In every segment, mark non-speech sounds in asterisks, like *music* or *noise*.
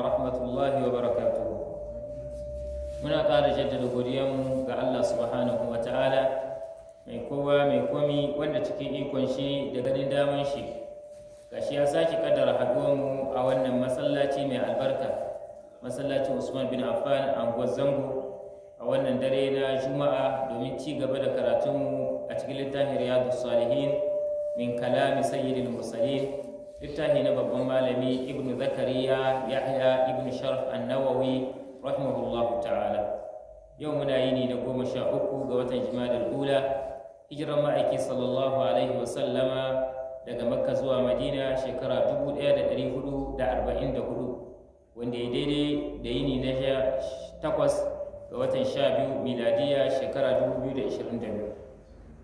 rahmatullahi wa barakatuhu muna ƙara jaddada godiyanmu ga Allah subhanahu wa ta'ala mai kowa mai komi wanda cikin ikon shi da ganin daman shi gashi ya sake kaddara haɗuwanmu a wannan masallaci mai albarka masallacin Usman bin Affan a zango a wannan dare na Juma'a domin ci gaba da karatunmu a cikin littafin Riyadu Salihin min kalami sayyidin musalin littafi na babban malami ibn zakariya yahya ibn sharf annawawi rahimahullah ta'ala yau muna yini na goma sha uku ga watan jimadar ula hijiran ma'aiki sallallahu alaihi wa sallama, daga makka zuwa madina shekara dubu da da da dari hudu arba'in hudu, wanda ya daidai da yini na sha takwas ga watan sha biyu miladiya shekara dubu biyu da da ashirin biyu,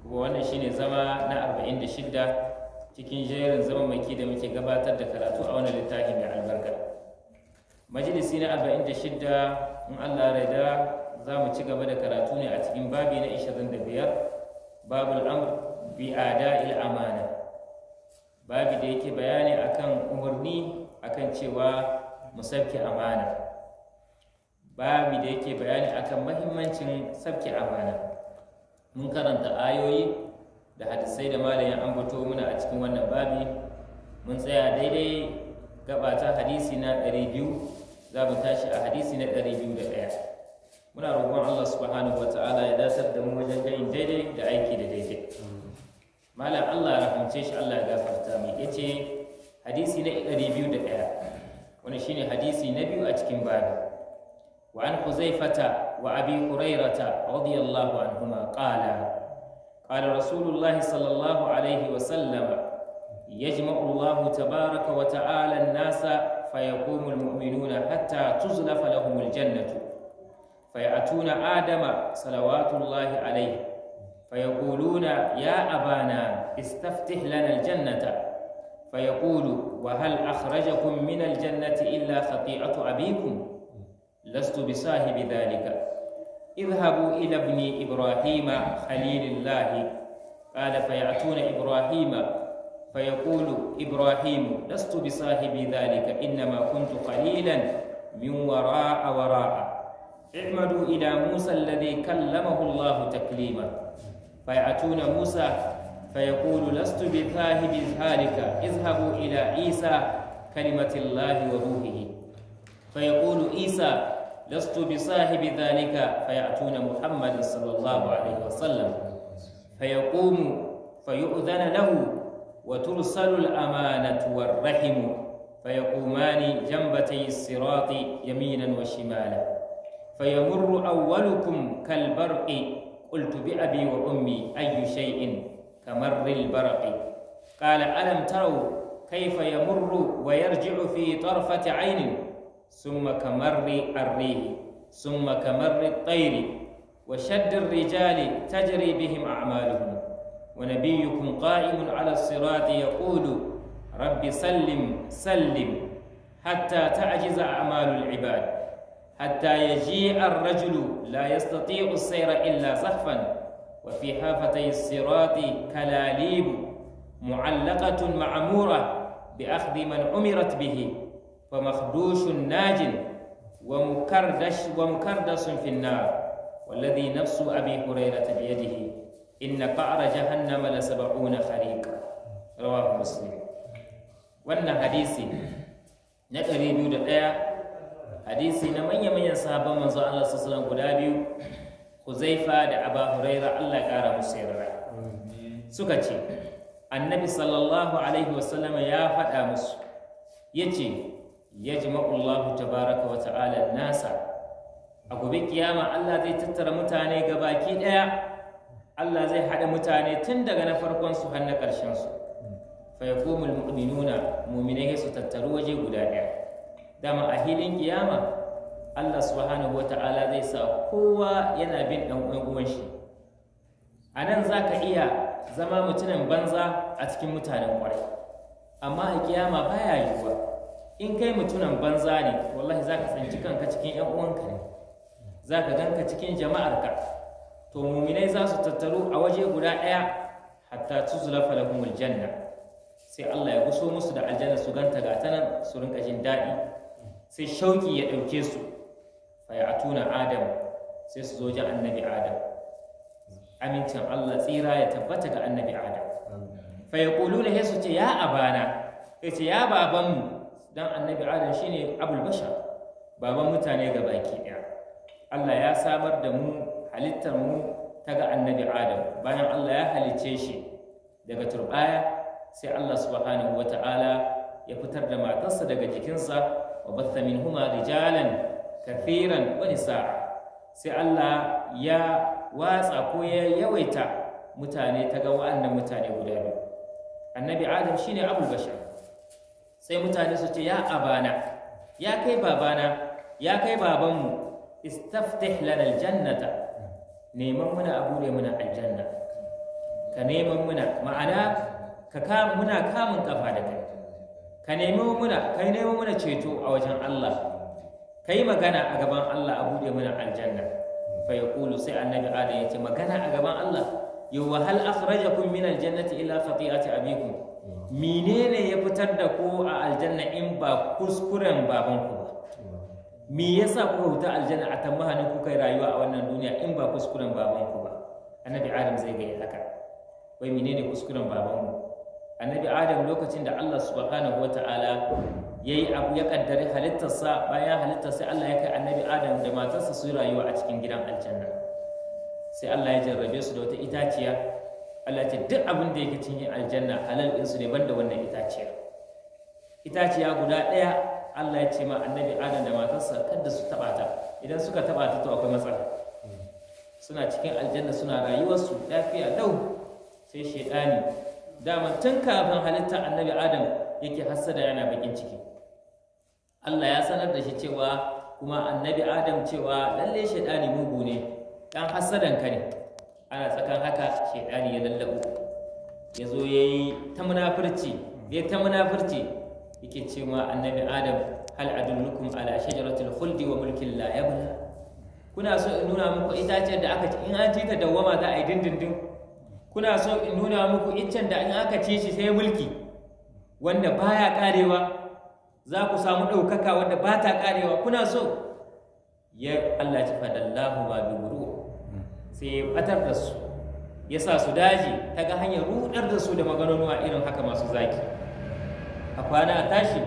kuma wannan shine zama na arba'in da 46 cikin jerin maki da muke gabatar da karatu a wani littafi mai albarka majalisi na 46 in allah raida za mu ci gaba da karatu ne a cikin babi na 25 babu al'amur bi ada il amana babi da yake bayani akan umarni akan cewa mu sabke amana babi da yake bayani akan mahimmancin sabke amana mun karanta ayoyi da hadisai da malamin ambato muna a cikin wannan babi mun tsaya daidai gabata hadisi na 200 za mu tashi a hadisi na 201 muna roƙon Allah subhanahu wataala ya dasar da mu wajen ganin daidai da aiki da daidai malam Allah ya rahmace shi Allah ya gafarta mai yace hadisi na 201 wani shine hadisi na biyu a cikin babi وعن حذيفة wa abi hurairata الله anhuma قال قال رسول الله صلى الله عليه وسلم يجمع الله تبارك وتعالى الناس فيقوم المؤمنون حتى تزلف لهم الجنة فيأتون آدم صلوات الله عليه فيقولون يا أبانا استفتح لنا الجنة فيقول وهل أخرجكم من الجنة إلا خطيئة أبيكم لست بصاحب ذلك اذهبوا إلى ابن إبراهيم خليل الله قال فيأتون إبراهيم فيقول إبراهيم لست بصاحب ذلك إنما كنت قليلا من وراء وراء اعمدوا إلى موسى الذي كلمه الله تكليما فيأتون موسى فيقول لست بذاهب ذلك اذهبوا إلى عيسى كلمة الله وروحه فيقول عيسى لست بصاحب ذلك فيأتون محمدا صلى الله عليه وسلم فيقوم فيؤذن له وترسل الأمانة والرحم فيقومان جنبتي الصراط يمينا وشمالا فيمر أولكم كالبرق قلت بأبي وأمي أي شيء كمر البرق قال ألم تروا كيف يمر ويرجع في طرفة عين ثم كمر الريح ثم كمر الطير وشد الرجال تجري بهم أعمالهم ونبيكم قائم على الصراط يقول رب سلم سلم حتى تعجز أعمال العباد حتى يجيء الرجل لا يستطيع السير إلا زخفا وفي حافتي الصراط كلاليب معلقة معمورة بأخذ من عمرت به fa najin wa mukardash wa والذي نفس أبي هريرة بيده إن قعر جهنم لسبعون خريقا رواه مسلم wannan hadisi na ɗari biyu da ɗaya hadisi na manya-manyan sahabban manzo Allah su guda biyu Huzaifa da Aba Huraira Allah ƙara musu yarda suka ce annabi sallallahu alaihi ya faɗa musu ya ce yajma'u Allah tabaraka wa ta'ala nasa a gobe kiyama Allah zai tattara mutane ga baki ɗaya. Allah zai haɗa mutane tun daga na farkon su har na ƙarshen su fa mu'minuna mu'minai su tattaru waje guda ɗaya dama a hilin kiyama Allah subhanahu wa ta'ala zai sa kowa yana bin ɗan uwan shi a nan za ka iya zama mutumin banza a cikin mutanen ƙwarai amma a kiyama baya yiwuwa in kai mutumin banza ne wallahi za ka tsanci kanka cikin 'yan uwanka ne za ka ganka cikin jama'arka to muminai za su tattaru a waje guda ɗaya hatta tuzulafa lahumul janna sai Allah ya guso musu da aljanna su ganta ga ta nan su rinka jin daɗi sai shauki ya ɗauke su Faya a tuna adam sai su zo ji annabi adam amincin Allah tsira ya tabbata ga annabi adam Faya ƙulu su ce ya abana ya ce ya babanmu dan annabi adam shine abul bashar baban mutane ga baki ɗaya allah ya samar da mu halittar mu ta ga annabi adam bayan allah ya halicce shi daga turbaya sai allah subhanahu wa ta'ala ya fitar da matarsa daga jikinsa wa batha minhuma rijalan kathiran wa nisaa sai allah ya watsa ko ya yawaita mutane ta ga wa'annan mutane guda biyu annabi adam shine abul bashar sai mutane su ce ya abana ya kai babana ya kai babanmu istaftih lana aljannata neman muna a bude muna aljanna ka neman muna ma'ana ka kama muna kamun kafa da kai ka nemi muna kai neman muna ceto a wajen Allah Kai magana a gaban Allah a bude muna aljanna fa yaqulu sai annabi adam yace magana a gaban Allah yau wahal akhrajakum min aljannati illa khati'ati abikum menene ya fitar da ku a aljanna in ba kuskuren babanku ba me yasa ku huta aljanna a ku kuka rayuwa a wannan duniya in ba kuskuren babanku ba annabi adam zai gaya haka wai menene kuskuren babanmu annabi adam lokacin da Allah subhanahu wataala yayi abu ya kaddari halittarsa bayan halittar sai Allah ya kai annabi adam da matarsa su rayuwa a cikin gidan aljanna sai Allah ya jarrabe su da wata itaciya Allah ce duk abin da yake cikin aljanna halal su ne banda wannan itaciya. itaciya guda ɗaya Allah ya ce ma annabi Adam da matarsa kada su taɓa ta idan suka taɓa ta to akwai matsala suna cikin aljanna suna rayuwarsu lafiya lau sai shaidani dama tun kafin halitta annabi Adam yake hassada yana bakin ciki Allah ya sanar da shi cewa kuma annabi Adam cewa lalle shaidani mugu ne dan hassadan ka ne ana tsakan haka shaidani ya lallabo ya zo ya yi ta munafurci ya ta munafurci yake ce ma annabi adam hal adullukum ala shajaratul khuldi wa mulkin la kuna so in nuna muku itacen da aka ci in an ci ta dawama za a yi dindindin kuna so in nuna muku iccen da in aka ci shi sai mulki wanda baya karewa za ku samu ɗaukaka wanda ba ta karewa kuna so ya Allah ci fadallahu ba bi sai ya batar da su ya sa su daji ta ga hanyar rudar da su da maganonuwa a irin haka masu zaki a kwana a tashi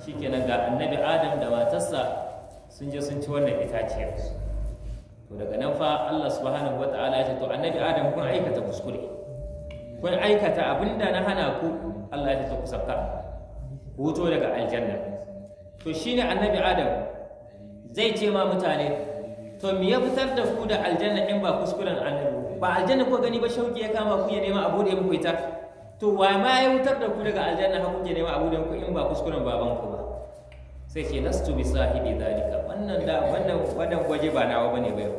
shikenan ga annabi adam da matarsa sun je sun ci wannan itaciyar to daga nan fa Allah subhanahu wata'ala ya ce to annabi adam kun aikata kuskure kun aikata abinda na hana ku Allah ya ce to ku sabta hoto daga aljanna to shine annabi adam zai ce ma mutane to me ya fitar da ku da aljanna in ba kuskuren annabi ba aljanna ko gani ba shauki ya kama ku ya nema abu da muku ita to wa ma ya fitar da ku daga aljanna ha kuke nema abu da muku in ba kuskuren baban ku ba sai ce lastu bi sahibi dalika wannan da wannan wannan waje ba nawa bane ba yau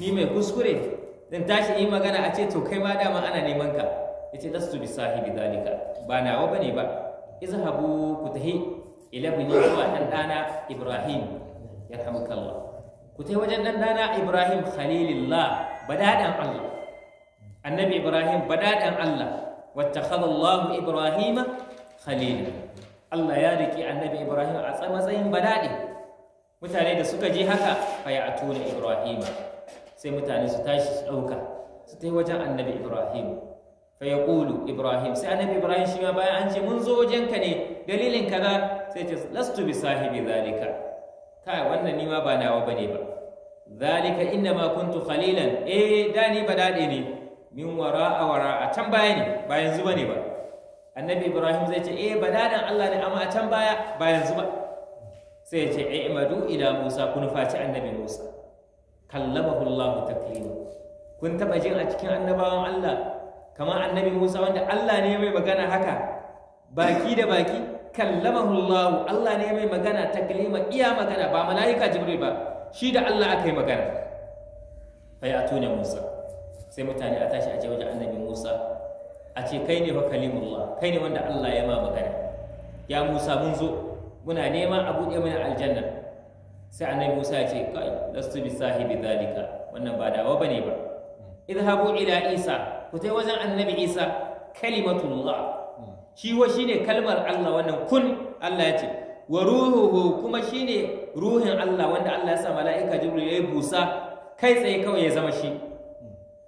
ni mai kuskure Dan tashi yi magana a ce to kai ma dama ana neman ka yace lastu bi sahibi dalika ba nawa bane ba izhabu ku tahi ila bani wa dan dana ibrahim yarhamukallah ku tai wajen dan Ibrahim Khalilillah badadan Allah annabi Ibrahim badaɗin Allah wata Allah Ibrahim Khalil. Allah ya riki annabi Ibrahim a matsayin badaɗi. mutane da suka je haka fa ya Ibrahima, Ibrahim sai mutane su tashi su ɗauka. su tai wajen annabi Ibrahim fa yaqulu Ibrahim sai annabi Ibrahim shi ma bayan an ce mun zo wajenka ne dalilin kaza sai ce lastu bi sahibi zalika kai wannan ni ma ba nawa bane ba zalika ma kuntu khalilan eh da ni ba dade ne min wara'a wara'a can baya ne ba yanzu bane ba annabi ibrahim zai ce eh ba dadan Allah ne amma a can baya ba yanzu ba sai ya ce i'madu ila musa kun faci annabi musa kallamahu Allah taklima kun taba jin a cikin annabawan Allah kamar annabi musa wanda Allah ne mai magana haka baki da baki kallamahu Allah Allah ne mai magana ta taklima iya magana ba malaika jibril ba shi da Allah aka yi magana fa ya tuna Musa sai mutane a tashi a je wajen annabi Musa a ce kai ne fa kalimullah kai ne wanda Allah ya ma magana ya Musa mun zo muna neman a buɗe mana aljanna sai annabi Musa ya ce kai lastu bi sahibi zalika wannan ba dawa bane ba idhabu ila Isa ku tai wajen annabi Isa kalimatullah shi wa shine kalmar Allah wannan kun Allah ya ce wa ruhuhu kuma shine ruhin Allah wanda Allah ya sa mala'ika jibri ya busa kai tsaye kawai ya zama shi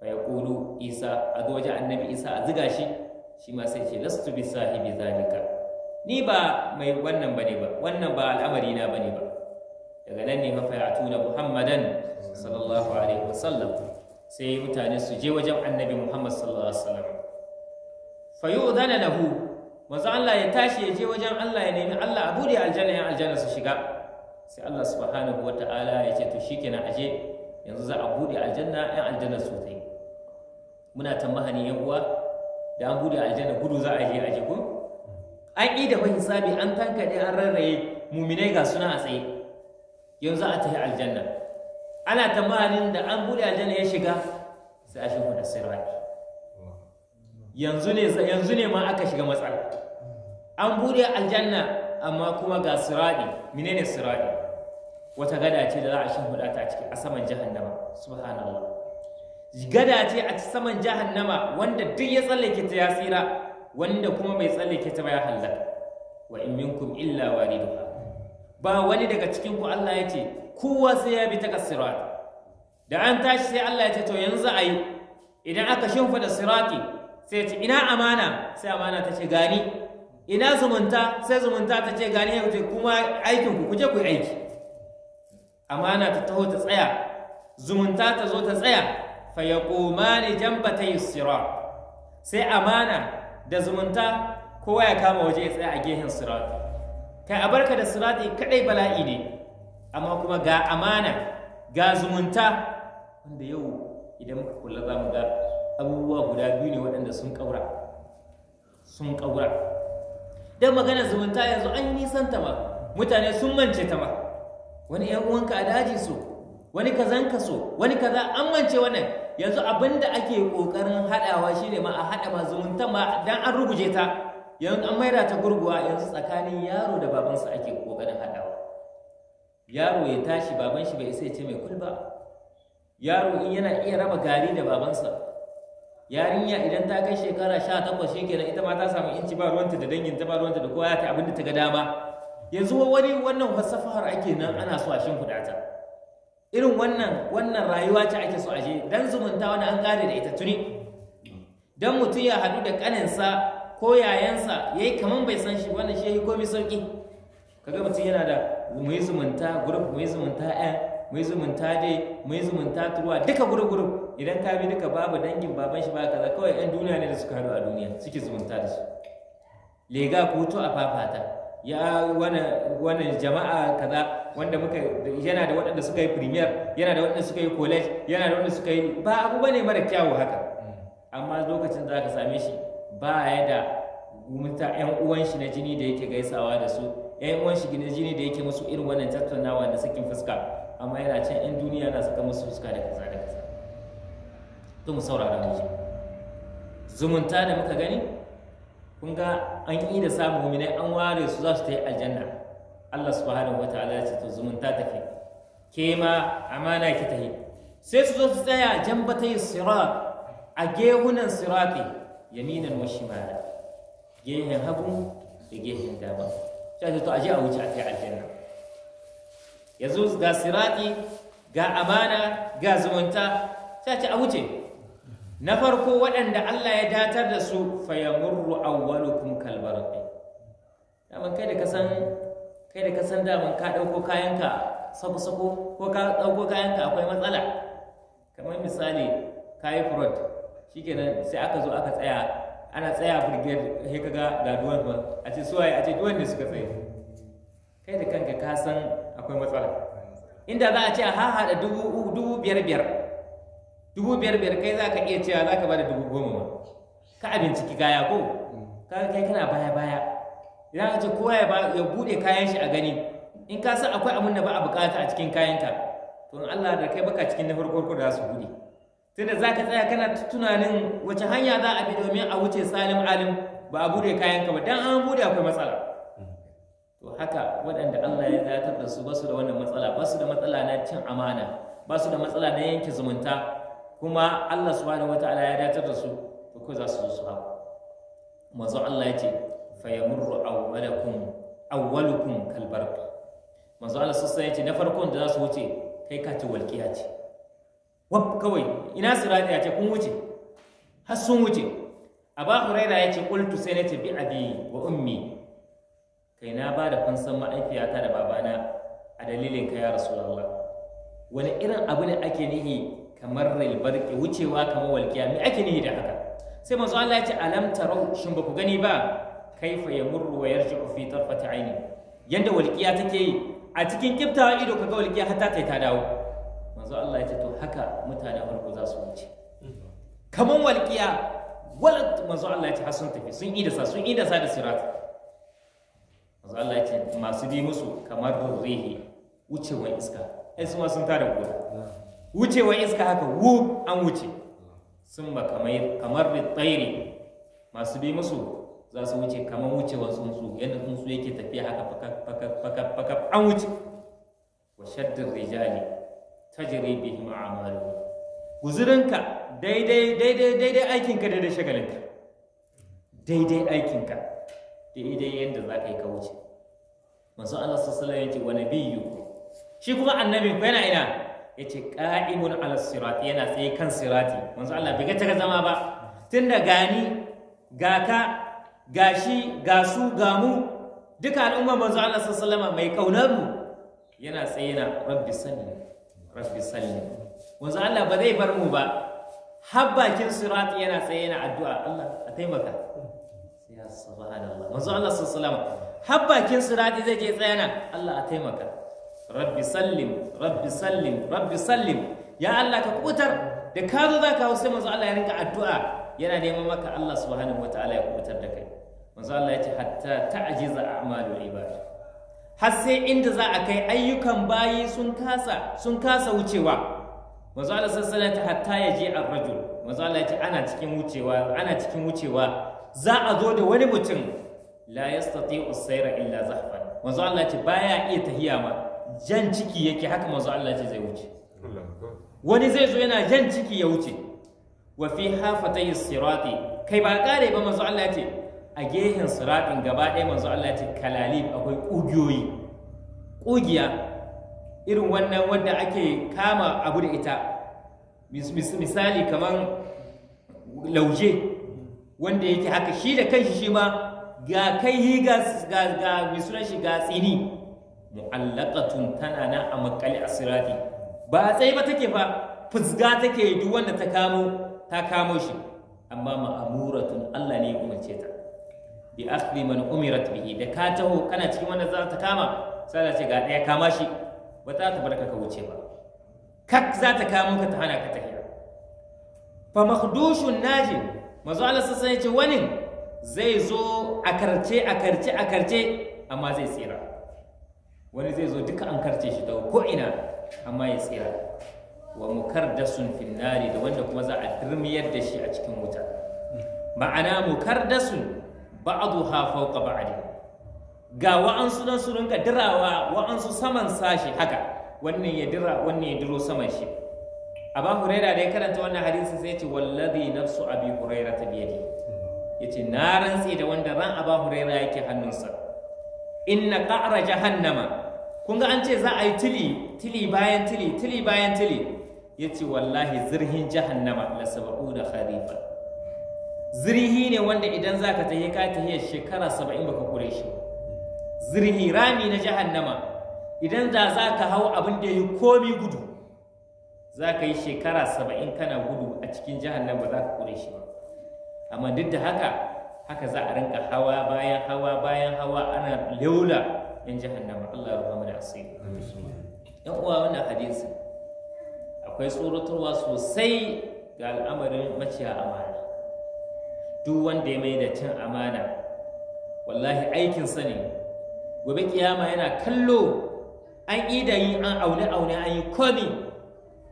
fa yaqulu isa a zo wajen annabi isa a ziga shi shi ma sai ce lastu bi sahibi zalika ni ba mai wannan bane ba wannan ba al'amari na bane ba daga nan ne mafayatu na muhammadan sallallahu alaihi wasallam sai mutane su je wajen annabi muhammad sallallahu alaihi wasallam fa yu'dana lahu manzo Allah ya tashi ya je wajen Allah ya nemi Allah a bude aljanna yan aljanna su shiga sai Allah subhanahu wataala ya ce to shikenan aje yanzu za a bude aljanna yan aljanna su tai muna tambaha ne yan uwa da an bude aljanna gudu za a je aje ko an yi da hisabi an tankade an rarraye muminai ga suna a tsaye yanzu a tafi aljanna ana ne da an bude aljanna ya shiga sai a shi da sirati yanzu ne yanzu ne ma aka shiga matsala an buɗe aljanna amma kuma ga siradi menene siradi wata gada ce da za a shimfiɗa ta ciki a saman jahannama subhanallah gada ce a saman jahannama wanda duk ya tsallake ta ya tsira wanda kuma bai tsallake ta ba ya hallaka wa in minkum illa wariduha ba wani daga cikin ku Allah ya ce kowa sai ya bi ta kasirati da an tashi sai Allah ya ce to yanzu ayi idan aka shimfiɗa sirati sai ce ina amana sai amana ta ce gani ina zumunta sai zumunta ta ce gani ya kuce kuma aikin ku kuje ku aiki amana ta taho ta tsaya zumunta ta zo ta tsaya fa ya jamba ta sirat sai amana da zumunta kowa ya kama waje ya tsaya a gehen sirat kai abarka da sirati kadai bala'i ne amma kuma ga amana ga zumunta wanda yau idan muka kula za mu ga abubuwa guda biyu ne waɗanda sun ƙaura sun ƙaura don magana zumunta yanzu an yi nisan ta ma mutane sun mance ta ma wani ‘yan uwanka a daji so wani kazan ka so wani kaza an mance wannan yanzu abin da ake ƙoƙarin haɗawa shi ne ma a haɗa ma zumunta ma don an ruguje ta yanzu an maida ta gurguwa yanzu tsakanin yaro da babansa ake ƙoƙarin haɗawa yaro ya tashi baban shi bai isa ya ce mai kulba yaro in yana iya raba gari da babansa yarinya idan ta kai shekara sha takwas shi kenan ita ma ta samu inci ba ruwanta da dangin ta ba ruwanta da kowa ta abin da ta ga dama yanzu wani wannan fasafahar ake nan ana so a shin kudata irin wannan wannan rayuwa ce ake so a je dan zumunta wani an gane da ita tuni dan mutum ya haɗu da ƙaninsa ko yayansa ya yi kaman bai san shi wannan shi ya yi komai sauƙi kaga mutum yana da mu yi zumunta gurup mu yi zumunta eh, mai zumunta dai mai zumunta turuwa duka gurguru idan ka bi duka babu dangin baban shi ba kaza kawai yan duniya ne da suka haɗu a duniya suke zumunta da su lega kuto a fafata ya wani jama'a kaza wanda muka yana da waɗanda suka yi premier yana da waɗanda suka yi college yana da waɗanda suka yi ba abu bane mara kyawu haka amma lokacin za ka same shi ba ya da mutan 'yan uwan shi na jini da yake gaisawa da su yan uwan shi gine jini da yake musu irin wannan tattaunawa da sakin fuska amma yana can yan duniya yana saka musu fuska da kaza da kaza to mu saurara mu zumunta da muka gani kun ga an yi da samu muminai an ware su za su ta yi aljanna Allah subhanahu wataala ya ce to zumunta tafi ke ma amana ki tahi sai su zo su tsaya jambatai sirat a gehunan sirati yaminan wa shimala gehen hagu da gehen dama sai to aje a wuce a kai aljanna yanzu ga sirati ga amana ga zumunta sai a wuce na farko waɗanda Allah ya datar da su fayamurru awwalukum kalbarqi daman kai da ka san kai da ka san daman ka ɗauko kayanka sako-sako ko ka ɗauko kayanka akwai matsala kamar misali kai fraud shikenan sai aka zo aka tsaya ana tsaya a birgiyar sai kaga ga duwan ba a ce suwaye a ce duwan ne suka tsaye kai da kanka ka san akwai matsala inda za a ce a hahaɗa dubu biyar biyar dubu biyar biyar kai za ka iya cewa za ka ba da dubu goma ma ka abinci ki gaya ko kaga kai kana baya baya idan ka ce kowa ya bude kayan shi a gani in ka san akwai abin da ba a bukata a cikin kayanka to in Allah da kai baka cikin na farko da za su buɗe da za ka tsaya kana tunanin wace hanya za a bi domin a wuce salim alim ba a bude kayanka ba dan an bude akwai matsala to haka waɗanda Allah ya zartar da su basu da wannan matsala basu da matsala na cin amana basu da matsala na yanke zumunta kuma Allah subhanahu wataala ya datar da su to ko za su zo su hau manzo Allah ya ce fa yamurru awwalakum awwalukum kalbarq manzo Allah sassa ya ce na farkon da za su wuce kai ka walƙiya ce wab kawai ina sirati ya ce kun wuce har sun wuce huraira ya ce kultu sai na ce bi abi wa ummi kai na ba da fansan ma'aikiyata da babana a dalilin ka ya rasulullah wani irin abu ne ake nihi kamar rilbarki wucewa kamar walƙiya me ake nihi da haka sai manzo Allah ya ce alam tarau shin ba ku gani ba kaifa yamurru wa yarji'u fi tarfati aini yanda walƙiya take yi a cikin kiftawa ido kaga walƙiya hatta ta dawo manzo Allah ya ce to haka mutane farko za su wuce mm. kaman walƙiya wala manzo Allah ya ce sun tafi sun yi da sa sun yi da sa da sirat manzo Allah ya ce masu bi musu kamar wuce wucewa iska ai su ma sun tada gora wucewa iska haka wu an wuce sun ba kamar kamar tsairi masu bi musu za su wuce kamar wucewar tsuntsu yadda tsuntsu yake tafiya haka faka faka faka an wuce wa shaddar rijali tajiri bihim a'maluhum guzurinka daidai daidai daidai aikinka daidai shagalinka daidai aikinka daidai yadda za ka yi ka wuce manzo Allah sallallahu alaihi wasallam wa nabiyyu shi kuma annabi ko yana ina ce qa'imun ala sirati yana tsaye kan sirati manzo Allah bai ga ta zama ba tunda gani ga ka gashi ga su ga mu duka al'umma manzo Allah sallallahu alaihi mai kaunar mu yana tsaye na rabbi sani rabbi salli wanzu Allah ba zai bar mu ba har bakin sirati yana tsaye yana addu'a Allah a taimaka ya subhanallah manzo Allah sallallahu alaihi har bakin sirati zai je tsayana Allah a taimaka rabbi sallim rabbi sallim rabbi sallim ya Allah ka kutar da ka zo ka hau sai manzo Allah ya rinka addu'a yana neman maka Allah subhanahu ta'ala ya kutar da kai manzo Allah ya ce hatta ta'jiza a'malu ibad har sai inda za a kai ayyukan bayi sun kasa sun kasa wucewa manzo Allah sallallahu ta hatta ya je ar-rajul manzo Allah ce ana cikin wucewa ana cikin wucewa za a zo da wani mutum la yastati'u sayra illa zahfan manzo Allah ce baya iya tahiya ma jan ciki yake haka manzo Allah ce zai wuce wani zai zo yana jan ciki ya wuce wa fi hafatayis sirati kai ba kare ba manzo Allah ce a gehen siratin gaba ɗaya manzo Allah ce kalalib akwai ƙugiyoyi ƙugiya irin wannan wanda ake kama abu da ita misali kamar lauje wanda yake haka shi da kanshi shi ma ga kai yi ga ga misunan shi ga tsini mu'allaqatun tana na a makali asirati ba tsaye ba take ba. fusga take duk wanda ta kamo ta kamo shi amma ma'amuratun Allah ne ya umarce ta bi akhdhi man umirat bihi da ka taho kana cikin wannan za ta kama sai ce ga daya kama shi ba ta barka ka wuce ba kak za ta kama ka ta hana ka tahiya fa makhdushun najim manzo Allah sai ce wani zai zo a karce a karce a karce amma zai tsira wani zai zo duka an karce shi daga ko ina amma ya tsira wa mukardasun finnari da wanda kuma za a turmiyar da shi a cikin wuta ma'ana mukardasun ba'duha fawqa ba'adi ga wa'ansu dan su rinka dirawa wa'ansu saman sashi haka wannan ya dira wannan ya diro saman shi Aba Huraira da ya karanta wannan hadisi sai ce wallazi nafsu Abi Huraira ta biyadi yace na rantsi da wanda ran Aba Huraira yake hannunsa inna qa'ra jahannama kun ga an ce za a yi tili tili bayan tili tili bayan tili yace wallahi zirhin jahannama la da kharifa zirhi ne wanda idan za ka tahi ka tahi shekara saba'in baka kure shi zirhi rami na jahannama idan da za ka hau abin da ya komi gudu za ka yi shekara saba'in kana gudu a cikin jahannama ba za ka kure shi ba amma duk da haka haka za a rinka hawa bayan hawa bayan hawa ana laula yan jahannama Allah ya rahama da asiri yan uwa wannan hadisi akwai tsoratarwa sosai ga al'amarin maciya amana duk wanda ya mai da cin amana wallahi aikinsa ne gobe kiyama yana kallo an ida yi an aune aune an yi komi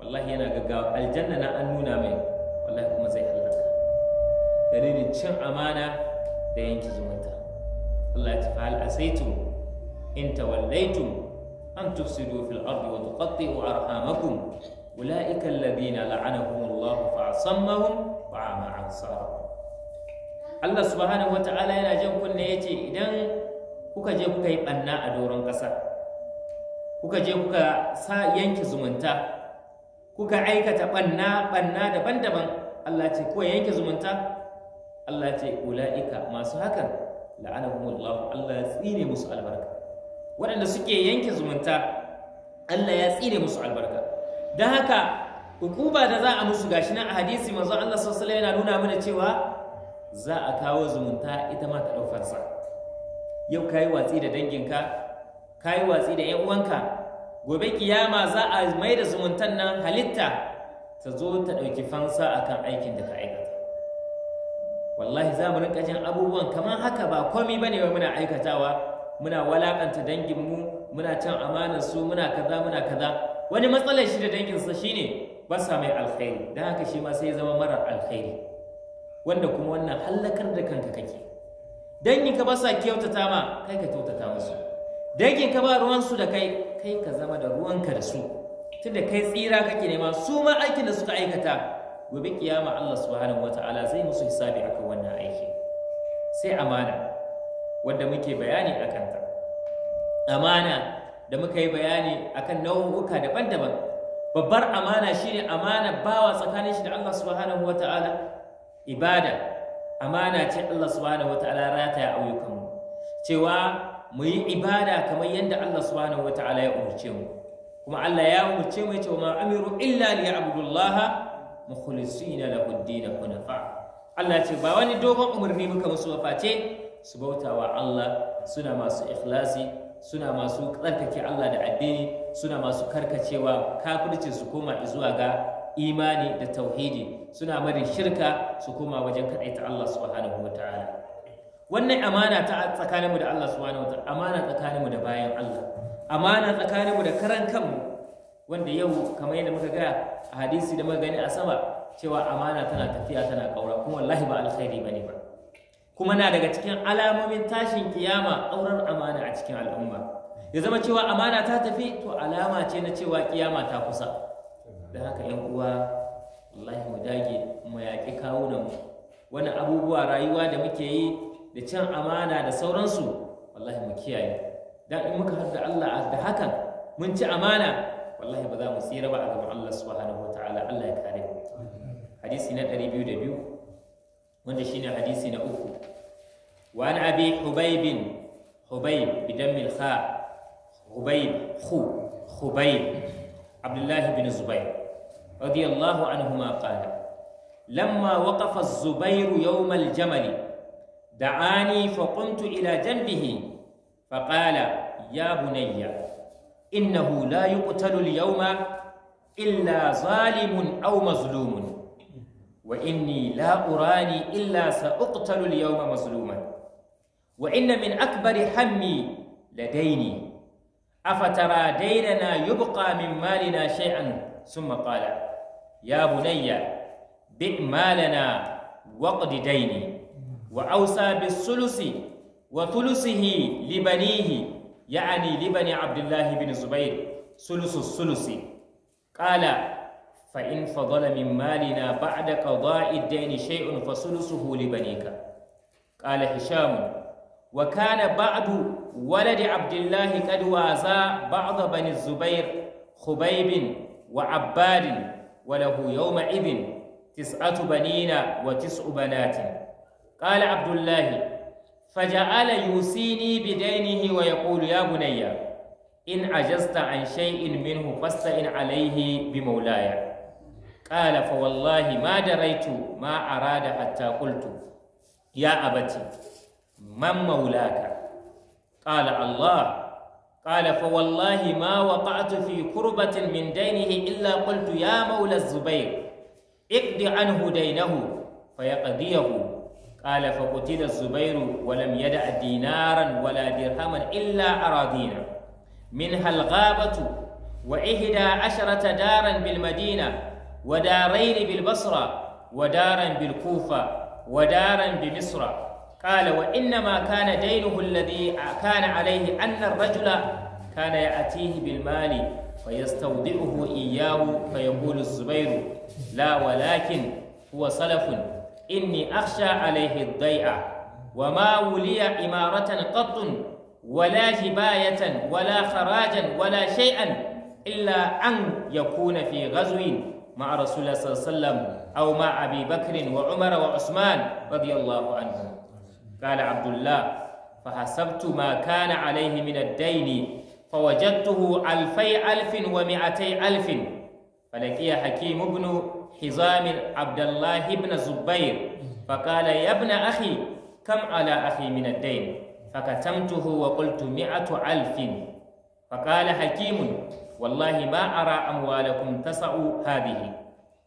wallahi yana gaggawa aljanna na an nuna mai wallahi kuma zai halaka dalilin cin amana da yanki zumunta Allah ya tafi al'asaitu in tawallaitu an tufsidu fil ardi wa tuqatti'u arhamakum ulaika alladhina la'anahum Allah fa asammahum wa ama ansarahum Allah subhanahu wata'ala yana jan kunne ya ce idan kuka je kuka yi banna a doron ƙasa kuka je kuka sa yanki zumunta kuka aikata banna banna daban-daban Allah ce ko yanke zumunta Allah ce ula'ika masu hakan la'anahumullahu Allah ya tsine musu albarka waɗanda suke yanke zumunta Allah ya tsire musu albarka don haka hukuma da za a musu gashi nan a hadisi manzo Allah sallallahu alaihi yana nuna mana cewa za a kawo zumunta ita ma ta ɗaukar sa yau ka yi watsi da danginka ka yi watsi da ‘yan uwanka gobe kiyama za a mai da zumuntan nan halitta ta zo ta ɗauki fansa akan aikin da ka aikata wallahi za mu rinka jin abubuwan kamar haka ba komi ba ne muna aikatawa muna walakanta danginmu muna can amanar su muna kaza muna kaza wani matsalar shi da danginsa shine ba sa mai alkhairi don haka shi ma sai zama marar alkhairi wanda kuma wannan hallakar da kanka kake dangin ka ba sa kyautata ma kai ka kyautata musu Dakin ka ba ruwansu da kai kai ka zama da ruwanka da su tunda kai tsira kake nema su ma aikin da suka aikata gobe kiyama Allah subhanahu wataala zai musu hisabi akan wannan aiki sai amana wanda muke bayani a kanta, amana da muka yi bayani akan nau'uka daban-daban babbar amana shine amana bawa tsakanin shi da Allah subhanahu wataala ibada amana ce Allah subhanahu wataala rataya a ayyukanmu cewa mu yi ibada kamar yadda Allah subhanahu wataala ya umarce mu kuma Allah ya umarce mu cewa ma amiru illa ya'budullaha mukhlisina lahu ad-din hunafa Allah ce ba wani dogon umarni muka musu ba face su bautawa Allah suna masu ikhlasi suna masu tsarkake Allah da addini suna masu karkacewa kafircin su koma zuwa ga imani da tauhidi suna mari shirka su koma wajen ta Allah subhanahu wa ta'ala wannan amana ta tsakaninmu da Allah subhanahu wa ta'ala amana tsakaninmu da bayan Allah amana tsakaninmu da karan kanmu wanda yau kamar yadda muka ga a hadisi da muka gani a sama cewa amana tana tafiya tana ƙaura kuma wallahi ba alkhairi bane ba kuma na daga cikin alamomin tashin kiyama auren amana a cikin al'umma ya zama cewa amana ta tafi to alama ce na cewa kiyama ta kusa da haka yan uwa wallahi mu dage mu yaƙi kawunan mu wani abubuwa rayuwa da muke yi da can amana da sauransu wallahi mu kiyaye dan in muka hadda Allah da hakan mun ci amana wallahi ba za mu tsira ba a gaban Allah subhanahu wataala Allah ya kare mu hadisi na 202 wanda shine hadisi na uku wa an abi hubaybin hubayb bidamil kha hubayb khu hubayb abdullahi bin zubair radiyallahu anhuma qala lamma waqafa az-zubair yawm al-jamal da'ani fa qumtu ila janbihi fa qala ya bunayya innahu la yuqtalu al-yawma illa zalimun au mazlumun wa inni la urani illa sa al-yawma mazluman wa inna min akbari hammi ladaini afatara na yubqa min malina shai'an summa qala ya bunayya bi malana waqdi daini wa awsa bis sulusi wa thulusihi li banihi ya'ni li bani abdullah bin zubair sulusu sulusi qala فإن فضل من shai'un, بعد قضاء الدين شيء فثلثه لبنيك قال هشام wa kana ba'du waladi abdullahi qad waza ba'd bani zubair khubayb wa abbad wa lahu yawma tis'atu banina wa tis'u banatin qala abdullahi faja'ala yusini bi daynihi wa yaqulu ya bunayya in a jasta an shay'in minhu fasta'in alaihi bi maulaya. Ƙala fa wallahi ma daraitu ma arada hatta qultu ya abati man maulaka qala Allah قال فوالله ما وقعت في كربة من دينه إلا قلت يا مولى الزبير اقض عنه دينه فيقضيه قال فقتل الزبير ولم يدع دينارا ولا درهما إلا أراضينا منها الغابة وإحدى عشرة دارا بالمدينة ودارين بالبصرة ودارا بالكوفة ودارا بمصر قال وإنما كان دينه الذي كان عليه أن الرجل كان يأتيه بالمال فيستودعه إياه فيقول الزبير لا ولكن هو سلف إني أخشى عليه الضيعة وما ولي إمارة قط ولا جباية ولا خراجا ولا شيئا إلا أن يكون في غزو مع رسول الله صلى الله عليه وسلم أو مع أبي بكر وعمر وعثمان رضي الله عنهم قال عبد الله فحسبت ما كان عليه من الدين فوجدته ألفي ألف ومئتي ألف فلقي حكيم بن حزام عبد الله بن الزبير فقال يا ابن أخي كم على أخي من الدين فكتمته وقلت مئة ألف فقال حكيم والله ما أرى أموالكم تسع هذه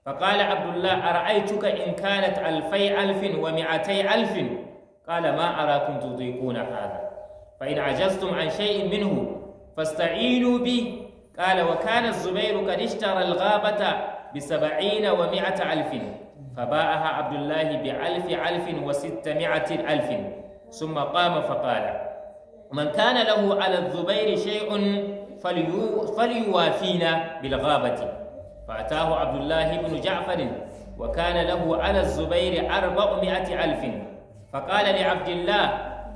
فقال عبد الله أرأيتك إن كانت ألفي ألف ومئتي ألف qala ma arakum tudhiquna hadha fa in ajaztum an shay'in minhu fasta'inu bi qala wa kana az-zubayr qad ishtara al-ghabata bi 70 wa 100 alfin فباعها عبد الله بألف ألف وستمائة ألف ثم قام فقال من كان له على الزبير شيء فليوافينا بالغابة فأتاه عبد الله بن جعفر وكان له على الزبير أربعمائة ألف فقال لعبد الله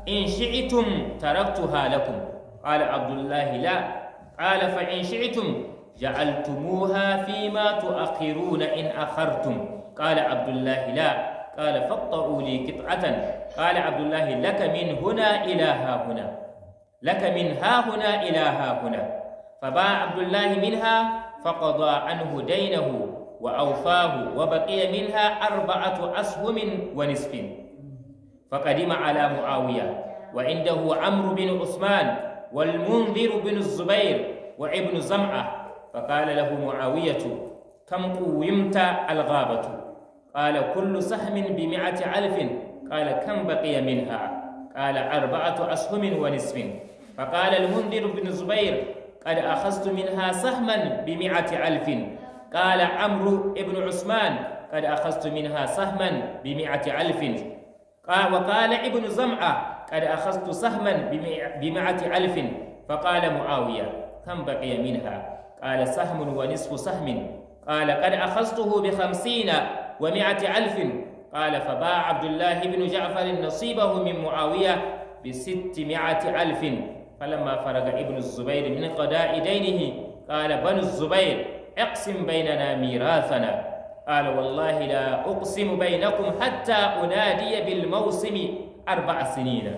إن شئتم تركتها لكم قال عبد الله لا قال فإن شئتم جعلتموها فيما تؤخرون إن أخرتم قال عبد الله لا قال فاقطعوا لي قطعة قال عبد الله لك من هنا إلى ها هنا لك من ها هنا إلى ها هنا فباع عبد الله منها فقضى عنه دينه وأوفاه وبقي منها أربعة أسهم ونصف فقدم على معاوية وعنده عمرو بن عثمان والمنذر بن الزبير وابن زمعة فقال له معاوية كم قومت الغابة قال كل سهم بمئة ألف قال كم بقي منها قال أربعة أسهم ونصف فقال المنذر بن الزبير قد أخذت منها سهما بمئة ألف قال عمرو بن عثمان قد أخذت منها سهما بمئة ألف وقال ابن زمعة قد أخذت سهما بمئة ألف فقال معاوية كم بقي منها قال سهم ونصف سهم قال قد أخذته بخمسين ومئة ألف قال فباع عبد الله بن جعفر نصيبه من معاوية بستمائة ألف فلما فرغ ابن الزبير من قضاء دينه قال بنو الزبير اقسم بيننا ميراثنا قال والله لا أقسم بينكم حتى أنادي بالموسم أربع سنين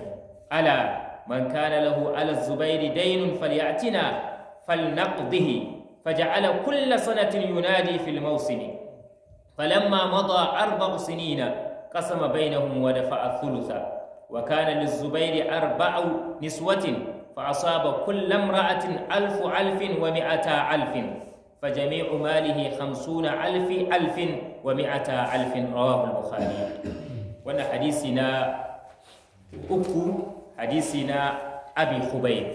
ألا من كان له على الزبير دين فليأتنا فلنقضه فجعل كل سنة ينادي في الموسم فلما مضى أربع سنين قسم بينهم ودفع الثلث وكان للزبير أربع نسوة فأصاب كل امرأة ألف ألف ومئتا ألف فجميع ماله خمسون ألف ألف ومئة ألف رواه البخاري وانا حديثنا أكو حديثنا أبي خبيب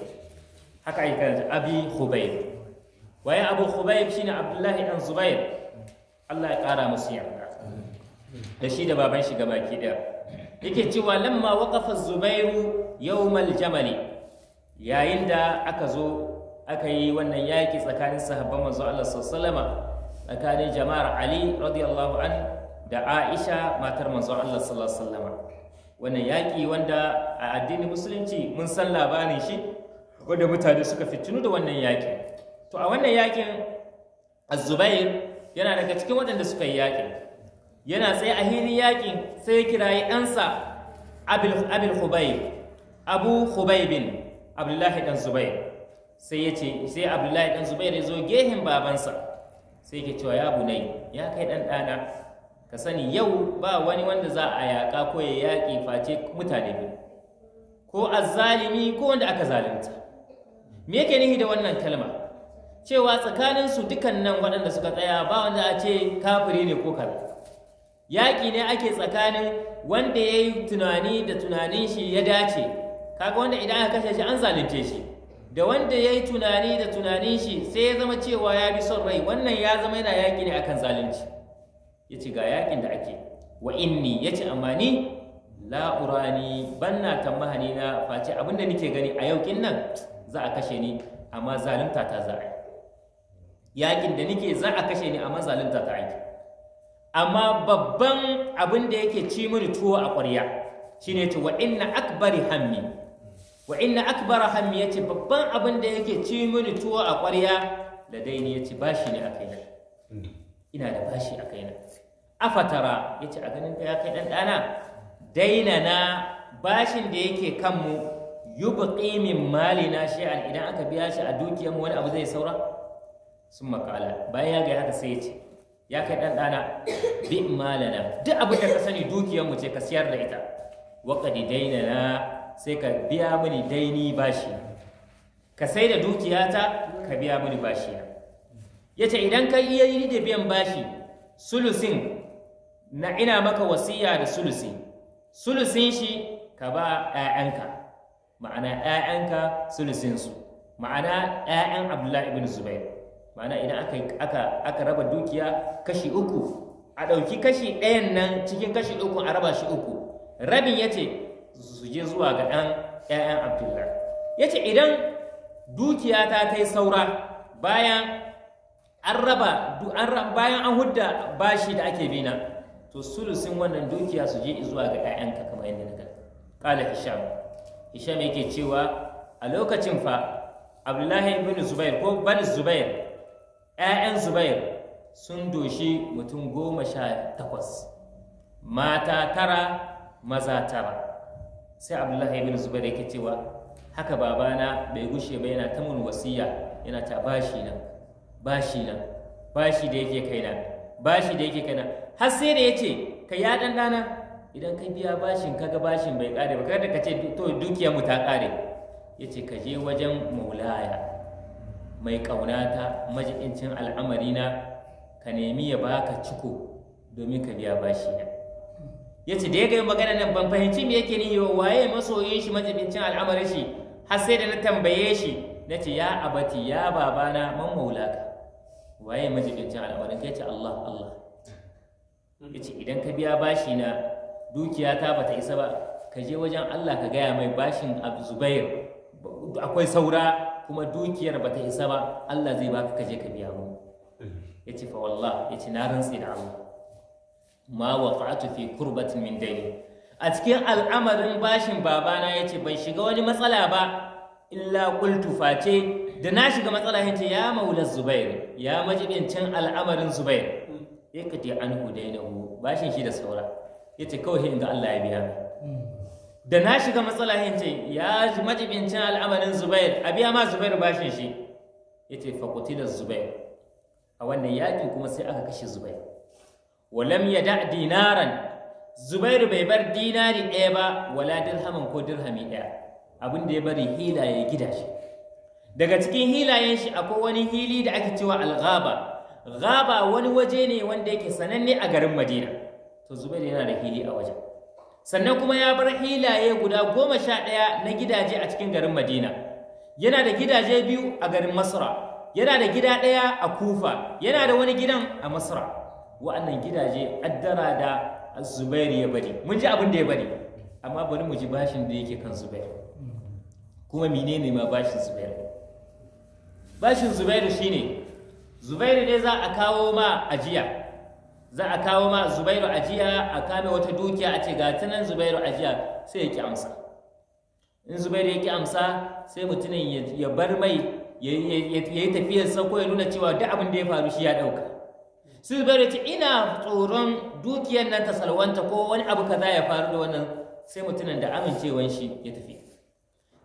haka ake karanta abi khubayb waye abu khubayb shine abdullahi dan zubair Allah ya kara musu yarda da shi da baban shi gabaki daya yake cewa lamma waqafa zubairu yawmal jamali yayin da aka zo aka yi wannan yaƙi tsakanin sahabban manzo Allah sallallahu tsakanin jama'ar Ali radiyallahu an da Aisha matar manzo Allah sallallahu wannan yaƙi wanda a addinin musulunci mun san labarin shi wanda mutane suka fitinu da wannan yaƙi to a wannan yaƙin Az-Zubair yana daga cikin waɗanda suka yi yaƙin yana tsaye a hilin yaƙin sai ya kirayi ɗansa Abil Hubayb Abu Hubaybin Abdullahi dan Zubair sai ya ce sai abdullahi ɗan zubair ya zo gehen babansa sai ke cewa ya bunai ya kai ɗan ɗana ka sani yau ba wani wanda za a yaƙa ko ya yaƙi face mutane biyu ko azzalimi ko wanda aka zalunta me yake nihi da wannan kalma cewa tsakanin su dukan nan waɗanda suka tsaya ba wanda a ce kafiri ne ko kaza yaƙi ne ake tsakanin wanda ya yi tunani da tunanin shi ya dace kaga wanda idan aka kashe shi an zalunce shi da wanda ya yi tunani da tunanin shi sai ya zama cewa ya bi son rai wannan ya zama yana yaƙi ne akan zalunci ya ce ga yaƙin da ake wa inni ya ce amma ni la'urani ban na tamahani na face abinda nake gani a yaukin nan za a kashe ni amma zalunta ta za a yi yaƙin da nake za a kashe ni amma zalunta ta aiki amma babban abin da yake ci mini tuwo a ƙwarya shine ce wa inna akbari hammi wa inna akbara hammi babban abin da yake ci mini tuwo a ƙwarya da ladaini yace bashi ne akai ina da bashi akai na afatara yace a ganin ya kai dan dana daina na bashin da yake kanmu yubqi min malina shay'an idan aka biya shi a dukiyar mu wani abu zai saura sun makala bayan ya ga haka sai ya ce ya kai dan dana bi malana duk abu da ka sani dukiyar mu ce ka siyar da ita wa qad daina na sai ka biya mini daini bashi ka sai da dukiyata ka biya mini bashi ya ce idan ka iya yi da biyan bashi sulusin na ina maka wasiya da sulusi sulusin shi ka ba 'ya'yanka ma'ana 'ya'yanka su. ma'ana 'ya'yan abdullahi ibn zubair ma'ana idan aka raba dukiya kashi uku a ɗauki kashi ɗayan nan cikin kashi uku a raba shi uku rabin ya ce su je zuwa ga ɗan ‘ya'yan abdullah ya ce idan dukiyata ta yi saura bayan an raba bayan an hudda bashi da ake bina to sulusin wannan dukiya su je zuwa ga ‘ya'yanka kamar yadda na kala hisham hisham yake cewa a lokacin fa abdullahi ibn zubair ko bani zubair ‘ya'yan zubair sun doshi mutum goma sha takwas mata tara maza tara sai abdullahi ibn zubair yake cewa haka babana bai gushe ba yana ta mun wasiya yana ta bashi nan bashi nan bashi da yake kaina bashi da yake kaina har sai da yace ka ya dan dana idan ka biya bashin kaga bashin bai kare ba kada ka ce to dukiyar mu ta kare yace ka je wajen maulaya mai ƙaunata al'amari na, ka nemi ya baka ciko domin ka biya bashi na ya ce da ya gaya magana nan ban fahimci me yake nihi waye masoyin shi majibincin al'amarin shi har sai da na tambaye shi na ce ya abati ya babana man maulaka waye majibincin al'amarin ka ce Allah Allah ya ce idan ka biya bashi na dukiya ta bata isa ba ka je wajen Allah ka gaya mai bashin Zubair akwai saura kuma dukiyar bata isa ba Allah zai baka ka je ka biya mu hmm. ya ce fa wallah ya ce na rantsi da Allah ma waqa'tu fi kurbatin min dayni a cikin al'amarin bashin babana ya ce ban shiga wani matsala ba illa qultu face da na shiga matsala yace ya maula zubair ya majibincin al'amarin zubair Ya ce an hudainahu bashin shi da saura yace kawai inda Allah ya biya da na shiga matsala yace ya majibincin al'amarin zubair a biya ma zubair bashin shi yace faqutila zubair a wannan yaƙi kuma sai aka kashe zubair Walamya ya da dinaran zubairu bai bar dinari ɗaya ba wala dirhaman ko dirhami ɗaya abin da ya bari hilaye gida shi daga cikin hilayen shi akwai wani hili da ake cewa alghaba ghaba wani waje ne wanda yake sananne a garin madina to zubairu yana da hili a wajen sannan kuma ya bar hilaye guda goma sha ɗaya na gidaje a cikin garin madina yana da gidaje biyu a garin masra yana da gida ɗaya a kufa yana da wani gidan a masra wa'annan gidaje addara da Zubairu ya bari mun ji abin da ya bari amma bari mu ji bashin da yake kan Zubairu. kuma menene ma bashin Zubairu? bashin Zubairu shine Zubairu ne za a kawo ma ajiya za a kawo ma Zubairu ajiya a kame wata dukiya a ce ga tanan Zubairu ajiya sai ya ki amsa in Zubairu ya ki amsa sai mutumin ya bar mai ya yi tafiyar ko ya nuna cewa duk abin da ya faru shi ya dauka sai ina tsoron dukiyar nan ta salwanta ko wani abu kaza ya faru da wannan sai mutumin da amincewan shi ya tafi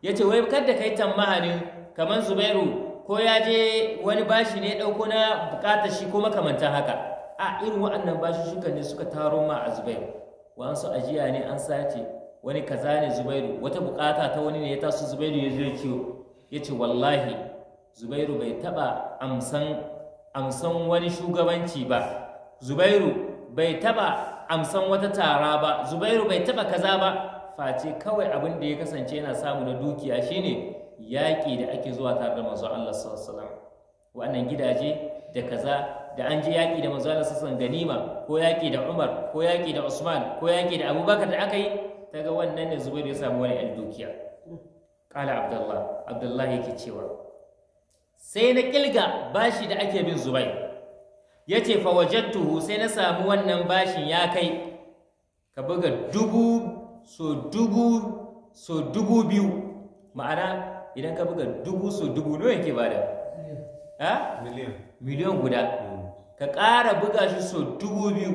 ya ce wai kada kai tamahani kamar zubairu ko ya je wani bashi ne ɗauko na bukatar shi ko makamantan haka a irin wa'annan bashi shuka ne suka taro ma a zubairu wa'ansu ajiya ne an sace wani kaza ne zubairu wata bukata ta wani ne ya taso zubairu ya zo ya ce wallahi zubairu bai taɓa amsan amsan wani shugabanci ba zubairu bai taba amsan wata tara ba zubairu bai taba kaza ba face kawai abin da ya kasance yana samu na dukiya shine yaƙi da ake zuwa tare da manzo Allah sallallahu alaihi wasallam gidaje da kaza da an je yaƙi da manzo Allah sallallahu ganima ko yaƙi da Umar ko yaƙi da Usman ko yaƙi da Abubakar da aka yi taga wannan ne Zubairu ya samu wani dukiya qala Abdullah Abdullah yake cewa sai na kilga bashi da ake bin zubai ya ce fawajattuhu sai na samu wannan bashin ya kai ka buga dubu so dubu so dubu biyu ma'ana idan ka buga dubu so dubu nawa yake bada da miliyan miliyan guda mm. ka ƙara buga shi so dubu biyu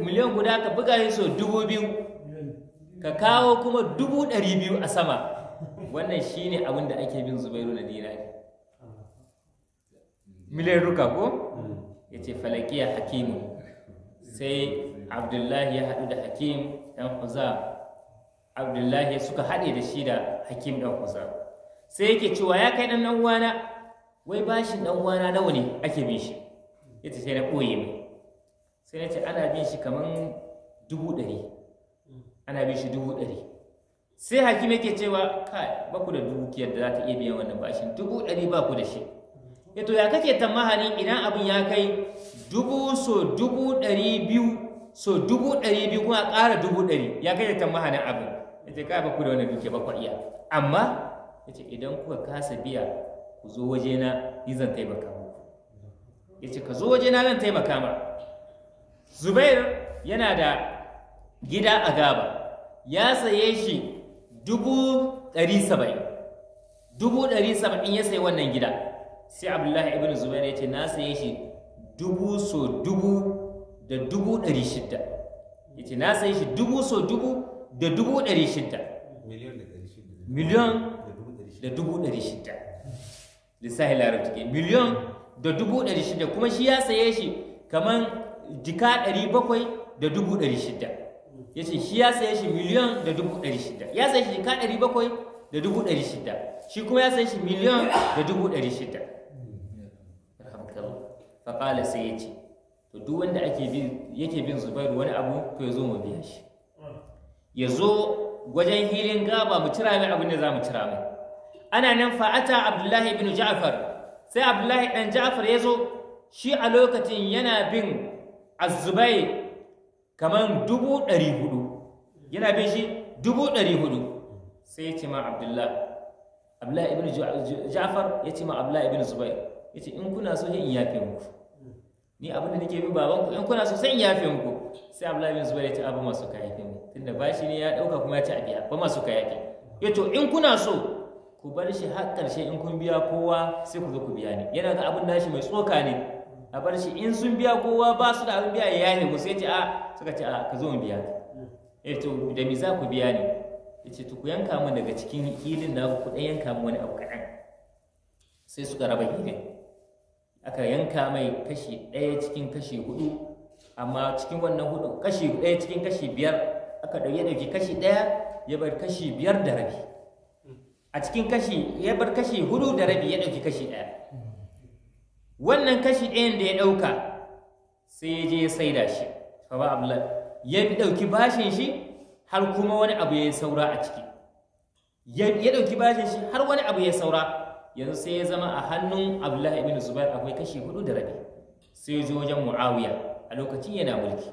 miliyan guda ka buga shi so dubu biyu ka kawo kuma dubu ɗari biyu a sama wannan shine abin da ake bin zubairu na ne. miliyan ruka ko ya ce falakiya hakimu sai abdullahi ya haɗu da hakim ɗan huza abdullahi suka haɗe da shi da hakim ɗan huza sai yake cewa ya kai ɗan uwana wai bashin ɗan uwana nawa ne ake bin shi ya ce sai na ɓoye mai sai ya ce ana bin shi kamar dubu ɗari ana bin shi dubu ɗari sai hakim yake cewa kai ba ku da dukiyar da za ta iya biyan wannan bashin dubu ɗari ba ku da shi ya to ya kake tamahani idan abin ya kai dubu so dubu ɗari biyu so dubu ɗari biyu kuma ƙara dubu ɗari ya kake tamahanin abin ya ce kai ba ku da wannan dukiya ba ku iya amma ya ce idan kuka kasa biya ku zo wajena ni zan taimaka muku ya ce ka zo wajena zan taimaka ma zubair yana da gida a gaba ya saye shi dubu ɗari saba'in dubu ɗari saba'in ya sayi wannan gida sai abdullahi ibn zubair ya ce na saye shi dubu so dubu da dubu ɗari shidda ya ce na saye shi dubu so dubu da dubu ɗari shidda miliyon da dubu ɗari shidda lissahi larabci ke miliyon da dubu ɗari shidda kuma shi ya saye shi kamar jika ɗari bakwai da dubu ɗari shidda ya ce shi ya saye shi miliyan da dubu ɗari shida ya saye shi ka ɗari bakwai da dubu ɗari shida shi kuma ya saye shi miliyan da dubu ɗari shida faƙala sai ya ce to duk wanda yake bin zubairu wani abu to ya zo mu biya shi ya zo wajen hirin gaba mu cira mai abin da za mu cira mai ana nan fa'ata abdullahi bin ja'far sai abdullahi dan ja'far ya zo shi a lokacin yana bin azubai kamar dubu ɗari hudu yana bin shi dubu ɗari hudu sai ya ce ma abdullah abdullah ibn ja'far ya ce ma abdullah ibn zubair ya ce in kuna so in yafe muku ni abin da nike bin baban ku in kuna so sai yafe muku sai abdullah ibn zubair ya ce abu masu ka yafe mu tunda bashi ne ya ɗauka kuma ya ce a biya ba masu ka yafe ya to in kuna so ku bar shi har ƙarshe in kun biya kowa sai ku zo ku biya ni yana ga abin da shi mai tsoka ne a bar shi in sun biya kowa ba su da abin biya ya yi mu sai ce a ah, suka ce a ah, ka zo mu biya eh to da me za ku biya ne yace to ku yanka min daga cikin hilin na ku dan yanka min wani abu kadan sai suka raba hilin aka yanka mai kashi ɗaya cikin kashi hudu amma cikin wannan hudu kashi ɗaya cikin kashi biyar aka ɗauke ɗauki kashi ɗaya ya bar kashi biyar da rabi a cikin kashi ya bar kashi hudu da rabi ya ɗauki kashi ɗaya wannan kashi ɗayan da ya ɗauka sai ya je ya saida shi fa ba ya ɗauki bashin shi har kuma wani abu ya saura a ciki ya ɗauki bashin shi har wani abu ya saura yanzu sai ya zama a hannun abdullahi ibn zubair akwai kashi hudu da rabi sai ya je wajen muawiya a lokacin yana mulki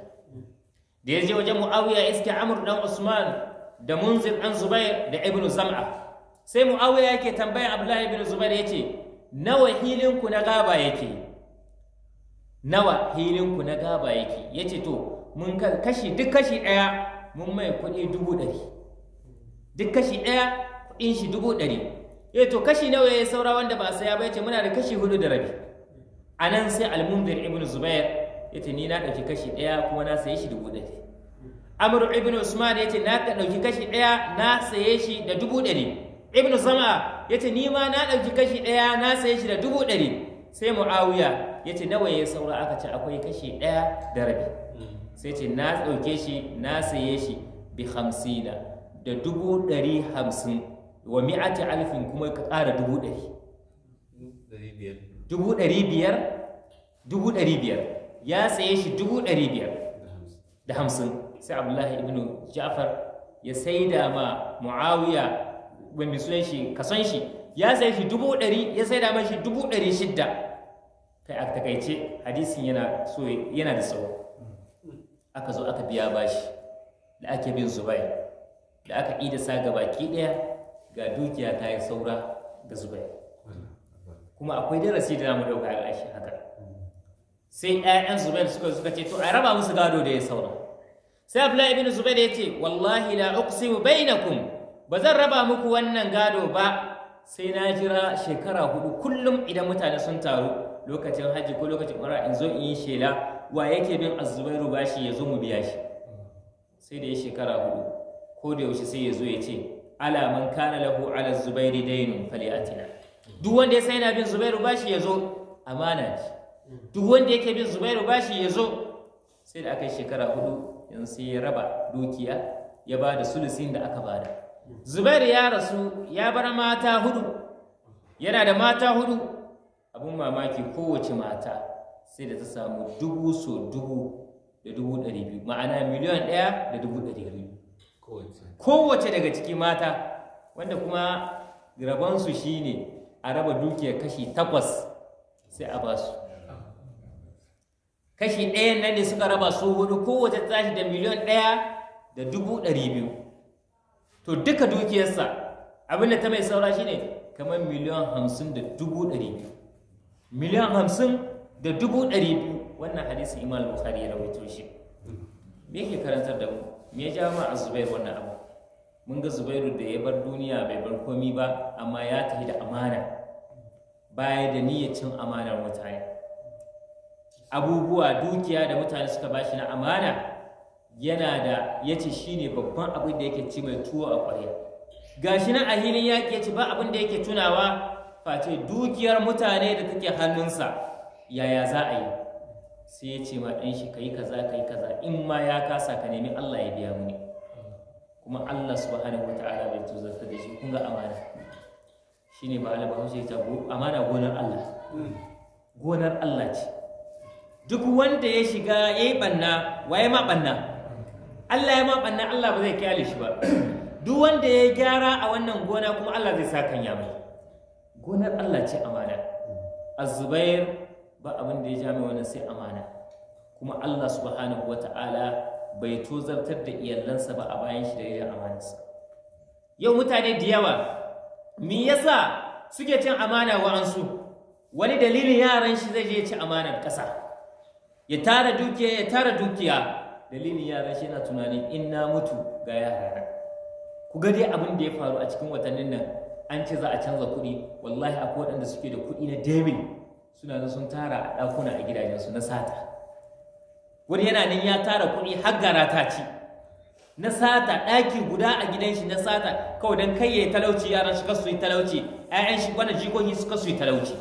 da ya je wajen muawiya iska amur dan usman da munzir dan zubair da ibn zam'a sai muawiya yake tambayar abdullahi ibn zubair yace nawa hilinku na gaba yake nawa hilinku na gaba yake ya ce to mun kashi duk kashi ɗaya mun mai kuɗi dubu ɗari duk kashi ɗaya kuɗin shi dubu ɗari ya eh to kashi nawa ya saura wanda ba saya ba ya ce muna da kashi hudu da rabi a nan sai almundir ibn zubair ya ce ni na ɗauki kashi ɗaya kuma na saye shi dubu ɗari amur ibn usman ya ce na ɗauki kashi ɗaya na saye shi da dubu ɗari ibn zama ya ce ni ma na ɗauki kashi ɗaya na saye shi da dubu ɗari sai mu'awiya ya ce nawa ya saura aka ce akwai kashi ɗaya da rabi sai ce na ɗauke shi na saye shi bi hamsina da dubu ɗari hamsin wa mi'ati alfin kuma ka ƙara dubu ɗari dubu ɗari biyar dubu ɗari biyar ya saye shi dubu ɗari biyar da hamsin sai abdullahi ibnu ja'far ya saida ma mu'awiya wai mai sunan shi kason shi ya sai shi dubu ɗari ya sai da shi dubu ɗari shidda kai a takaice hadisin yana so yana da tsawo aka zo aka biya bashi da ake bin zubai da aka ida sa ga baki ɗaya ga dukiya ta yi saura ga zubai kuma akwai darasi da mu ɗauka a shi haka sai 'ya'yan zubair suka suka ce to a raba musu gado da ya saura sai abdullahi ibn zubair ya ce wallahi la uqsimu bainakum ba zan raba muku wannan gado ba sai na jira shekara hudu kullum idan mutane sun taru lokacin hajji ko lokacin ƙura in zo in yi shela wa yake bin azubairu bashi ya zo mu biya shi sai da ya shekara hudu ko da yaushe sai ya zo ya ce ala man kana lahu ala zubairi a fali'atina duk wanda ya sai bin zubairu bashi ya zo amana ce duk wanda yake bin zubairu bashi ya zo sai da aka yi shekara hudu yanzu sai ya raba dukiya ya ba da sulusin da aka bada zubair ya rasu ya bar mata hudu yana da mata hudu abin mamaki kowace mata sai da ta samu dubu so dubu da dubu ɗari biyu ma'ana miliyan ɗaya da dubu ɗari biyu kowace daga ciki mata wanda kuma rabonsu shine a raba dukiyar kashi takwas sai a ba su. kashi ɗaya nan ne suka raba su hudu kowace tashi da miliyan ɗaya da dubu ɗari biyu to duka dukiyarsa abinda ta mai saura shine kamar miliyan hamsin da dubu ɗari biyu miliyan hamsin da dubu ɗari biyu wannan hadisi imam bukhari ya rawaito shi me yake karantar da mu me ya ja ma a zubair wannan abu mun ga zubairu da ya bar duniya bai bar komi ba amma ya tafi da amana baya da niyyacin amanar mutane abubuwa dukiya da mutane suka bashi na amana yana da ya ce shi ne babban abin da yake ci mai tuwo a ƙwarya shi nan a hilin yaƙi ya ce ba abin da yake tunawa face dukiyar mutane da take hannunsa yaya za a yi sai ya ce ma ɗan shi kai kaza kai kaza in ma ya kasa ka nemi Allah ya biya mu ne kuma Allah subhanahu wata'ala bai tuzarta da shi kun ga amana Shi ne ba Allah ba ya ta amana gonar Allah gonar Allah ce duk wanda ya shiga ya yi banna waye ma banna Allah ya ma bannan Allah ba zai kyale shi ba *clears throat* duk wanda ya gyara a wannan gona kuma Allah zai sa kan ya mai gonar Allah ce amana az-zubair ba abin da ya ja mai wannan sai amana kuma Allah subhanahu wata'ala bai tozartar da iyalansa ba a bayan shi da yayin amanarsa yau mutane da yawa me yasa suke cin amana wa ansu wani dalilin yaran shi zai je ci amanar ƙasa ya tara dukiya ya tara dukiya dalilin yara shi yana tunanin in na mutu ga yara na ku ga dai abin da ya faru a cikin watannin nan an ce za a canza kuɗi wallahi akwai waɗanda suke da kuɗi na demin suna da sun tara a ɗakuna a gidajensu na sata wani yana nan ya tara kuɗi har gara ta ci na sata ɗaki guda a gidan shi na sata kawai don kai ya yi talauci yaran shi su yi talauci 'ya'yan shi wani jikoki suka su yi talauci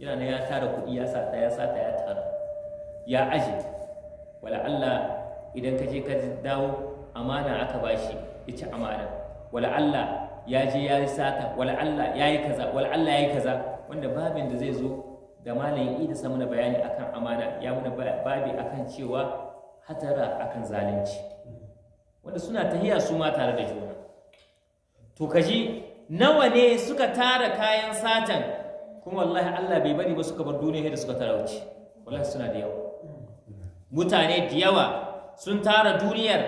yana nan ya tara kuɗi ya sata ya sata ya tara ya aje wala Allah idan ka je ka dawo amana aka bashi ya ci amana wala Allah ya je ya yi sata wala Allah ya yi kaza wala Allah ya yi kaza wanda babin da zai zo da malayin ida sa mana bayani akan amana ya mana babi akan cewa hatara akan zalunci wanda suna tahiya su ma tare da juna to kaji nawa ne suka tara kayan satan kuma wallahi Allah bai bari ba suka bar duniya da suka wuce. wallahi suna da yawa mutane da yawa sun tara duniyar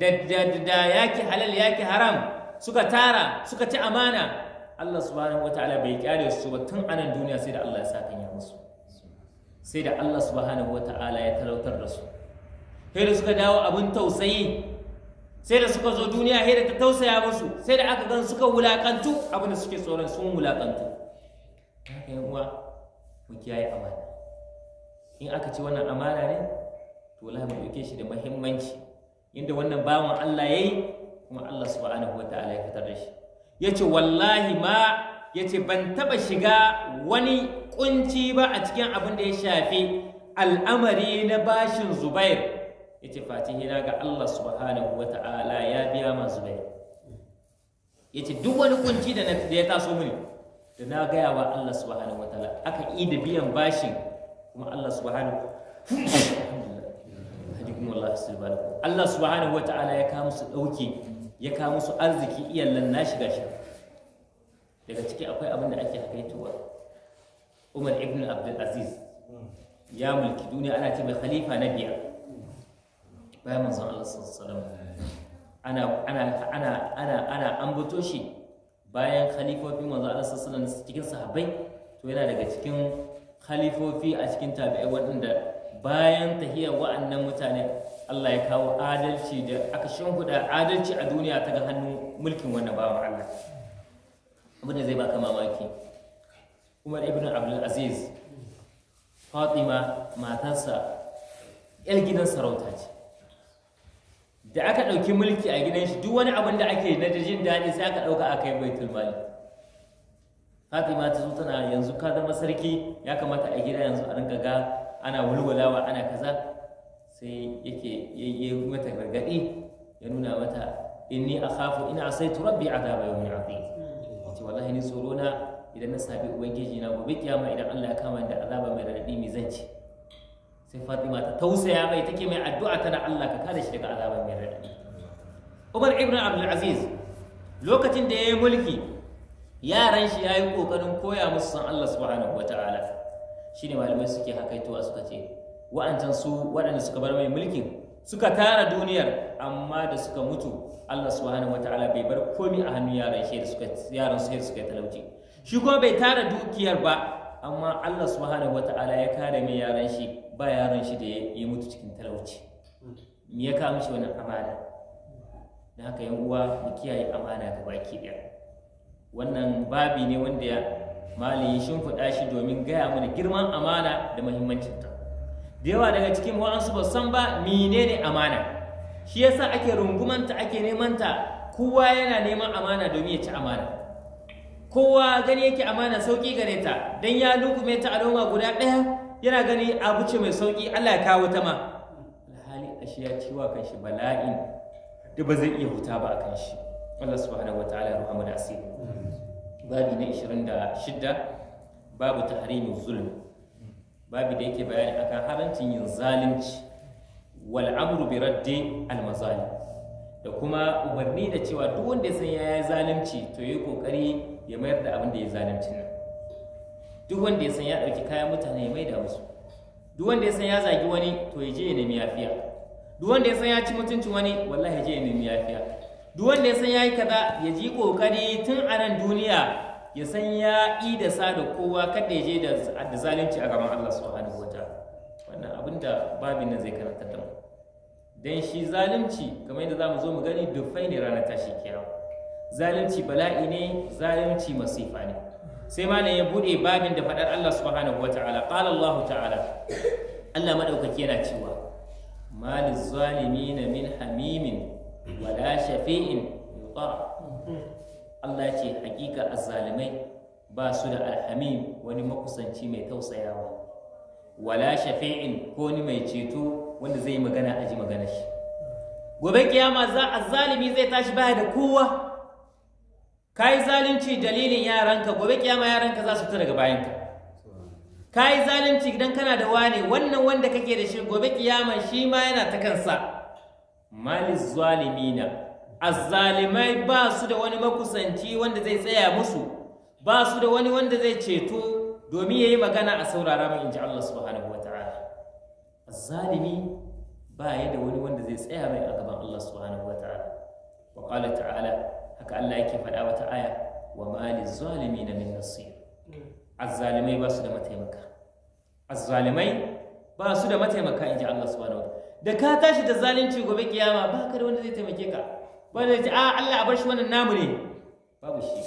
da yaki halal yaki haram suka tara suka ci amana Allah subhanahu wataala bai kyale su ba tun anan duniya sai da Allah ya saka ya musu sai da Allah subhanahu wataala ya talautar da su sai da suka dawo abin tausayi sai da suka zo duniya sai da ta tausaya musu sai da aka gan suka wulakantu abin da suke tsoron sun wulakantu haka yan uwa mu kiyaye amana in aka ci wannan amana ne to wallahi mu dauke shi da muhimmanci inda wannan bawan Allah yayi kuma Allah subhanahu wataala ya fitar da shi yace wallahi ma yace ban taba shiga wani kunci ba a cikin abin da ya shafi al'amari na bashin Zubair yace fatin hira ga Allah subhanahu wataala ya biya ma Zubair yace duk wani kunci da ya taso mini da na gaya wa Allah subhanahu wataala aka yi da biyan bashin kuma Allah subhanahu yutikum Allah istilbalakum Allah subhanahu wata'ala ya kawo musu dauke ya kawo musu arziki iyallan nashi gashi daga ciki akwai abin da ake hakaitowa Umar ibn Abdul Aziz ya mulki duniya ana ce mai khalifa na biyar bayan manzon Allah sallallahu alaihi ana ana ana ana ana ambato shi bayan khalifofin manzon Allah sallallahu alaihi cikin sahabbai to yana daga cikin khalifofi a cikin tabi'ai waɗanda bayan tahiyar wa'annan mutane Allah ya kawo adalci da aka shimfiɗa adalci a duniya ta ga hannun mulkin wannan bawan Allah abin da zai baka mamaki Umar ibn Abdul Aziz Fatima matarsa yar gidan sarauta ce da aka ɗauki mulki a gidan shi duk wani abin da ake na jin daɗi sai aka ɗauka a kai baitul mali fatima ta zo tana yanzu ka zama sarki ya kamata a gida yanzu a rinka ga ana walwalawa ana kaza sai yake yayye mata gargadi ya nuna mata inni akhafu in asaitu rabbi adaba yawmin azim ce wallahi ni tsoro na idan na sabi ubangiji na gobe kiyama idan Allah ya kama da azaba mai radadi mai zanci sai Fatima ta tausaya mai take mai addu'a tana Allah ka kada shi daga azaba mai radadi Umar ibn Abdul Aziz lokacin da yayi mulki yaran shi yayi kokarin koya musu san Allah subhanahu wataala ne malamai suke hakaitowa suka ce wa'ancan su waɗanda suka bar mai mulkin suka tara duniyar amma da suka mutu Allah subhanahu wataala bai bar komi a hannun yaran shi da suka yaran su suka talauci shi kuma bai tara dukiyar ba amma Allah subhanahu wataala ya kare mai yaran shi ba yaran shi da ya mutu cikin talauci me ya kawo mishi wannan amana da haka yan uwa mu kiyaye amana ga baki ɗaya wannan babi ne wanda ya mali ya shimfiɗa shi domin gaya mana girman amana da muhimmancinta da yawa daga cikin wa'ansu ba san ba menene amana shi yasa ake rungumanta ake nemanta kowa yana neman amana domin ya ci amana kowa gani yake amana sauki gare ta dan ya lukume ta al'umma guda ɗaya yana gani abu ce mai sauki Allah ya kawo ta ma alhali ashe ya ci wa kanshi bala'in da ba zai iya huta ba a kanshi Allah subhanahu wataala ya rahama da asiri babi na 26 babu tahrimin zulm babi da yake bayani akan harancin yin zalunci wal amru bi raddi al da kuma umarni da cewa duk wanda ya san ya zalunci to yi kokari ya mayar da abin da ya zalunci nan duk wanda ya san ya ɗauki kayan mutane ya maida musu duk wanda ya san ya zagi wani to ya je ya nemi yafiya duk wanda ya san ya ci mutuncin wani wallahi ya je ya nemi yafiya duk wanda ya san yayi kaza ya ji kokari tun a nan duniya ya san ya yi da sa da kowa kada ya je da zalunci a gaban Allah subhanahu wataala wannan abin da babin nan zai karanta da mu dan shi zalunci kamar yadda zamu zo mu gani dufai ne ranar tashi kiyama zalunci bala'i ne zalunci masifa ne sai malam ya bude babin da faɗar Allah subhanahu wataala qala Allah ta'ala Allah madaukaki yana cewa mal zalimin min hamimin wala shafi'in yuqa Allah ce hakika azzalimai ba su da alhamim wani makusanci mai tausayawa wala shafi'in ko ni mai ceto wanda zai magana aji magana shi gobe kiyama za azzalimi zai tashi baya da kowa kai zalunci dalilin yaranka gobe kiyama yaranka za su fita daga bayanka kai zalunci idan kana da wane wannan wanda kake da shi gobe kiyama shi ma yana ta kansa malis zalimina azzalimai ba su da wani makusanci wanda zai tsaya musu ba su da wani wanda zai ceto domin yayi magana a saurara mu inji Allah subhanahu ta'ala azzalimi ba ya da wani wanda zai tsaya mai a gaban Allah subhanahu ta'ala wa qala ta'ala haka Allah yake faɗa wata aya wa maliz zalimina min nasir azzalimai ba su da mataimaka azzalimai ba su da mataimaka inji Allah subhanahu ta'ala da ka tashi da zalunci gobe kiyama ba ka da wanda zai taimake ka Ba zai ce a ah, Allah a bar shi wannan namu ne babu shi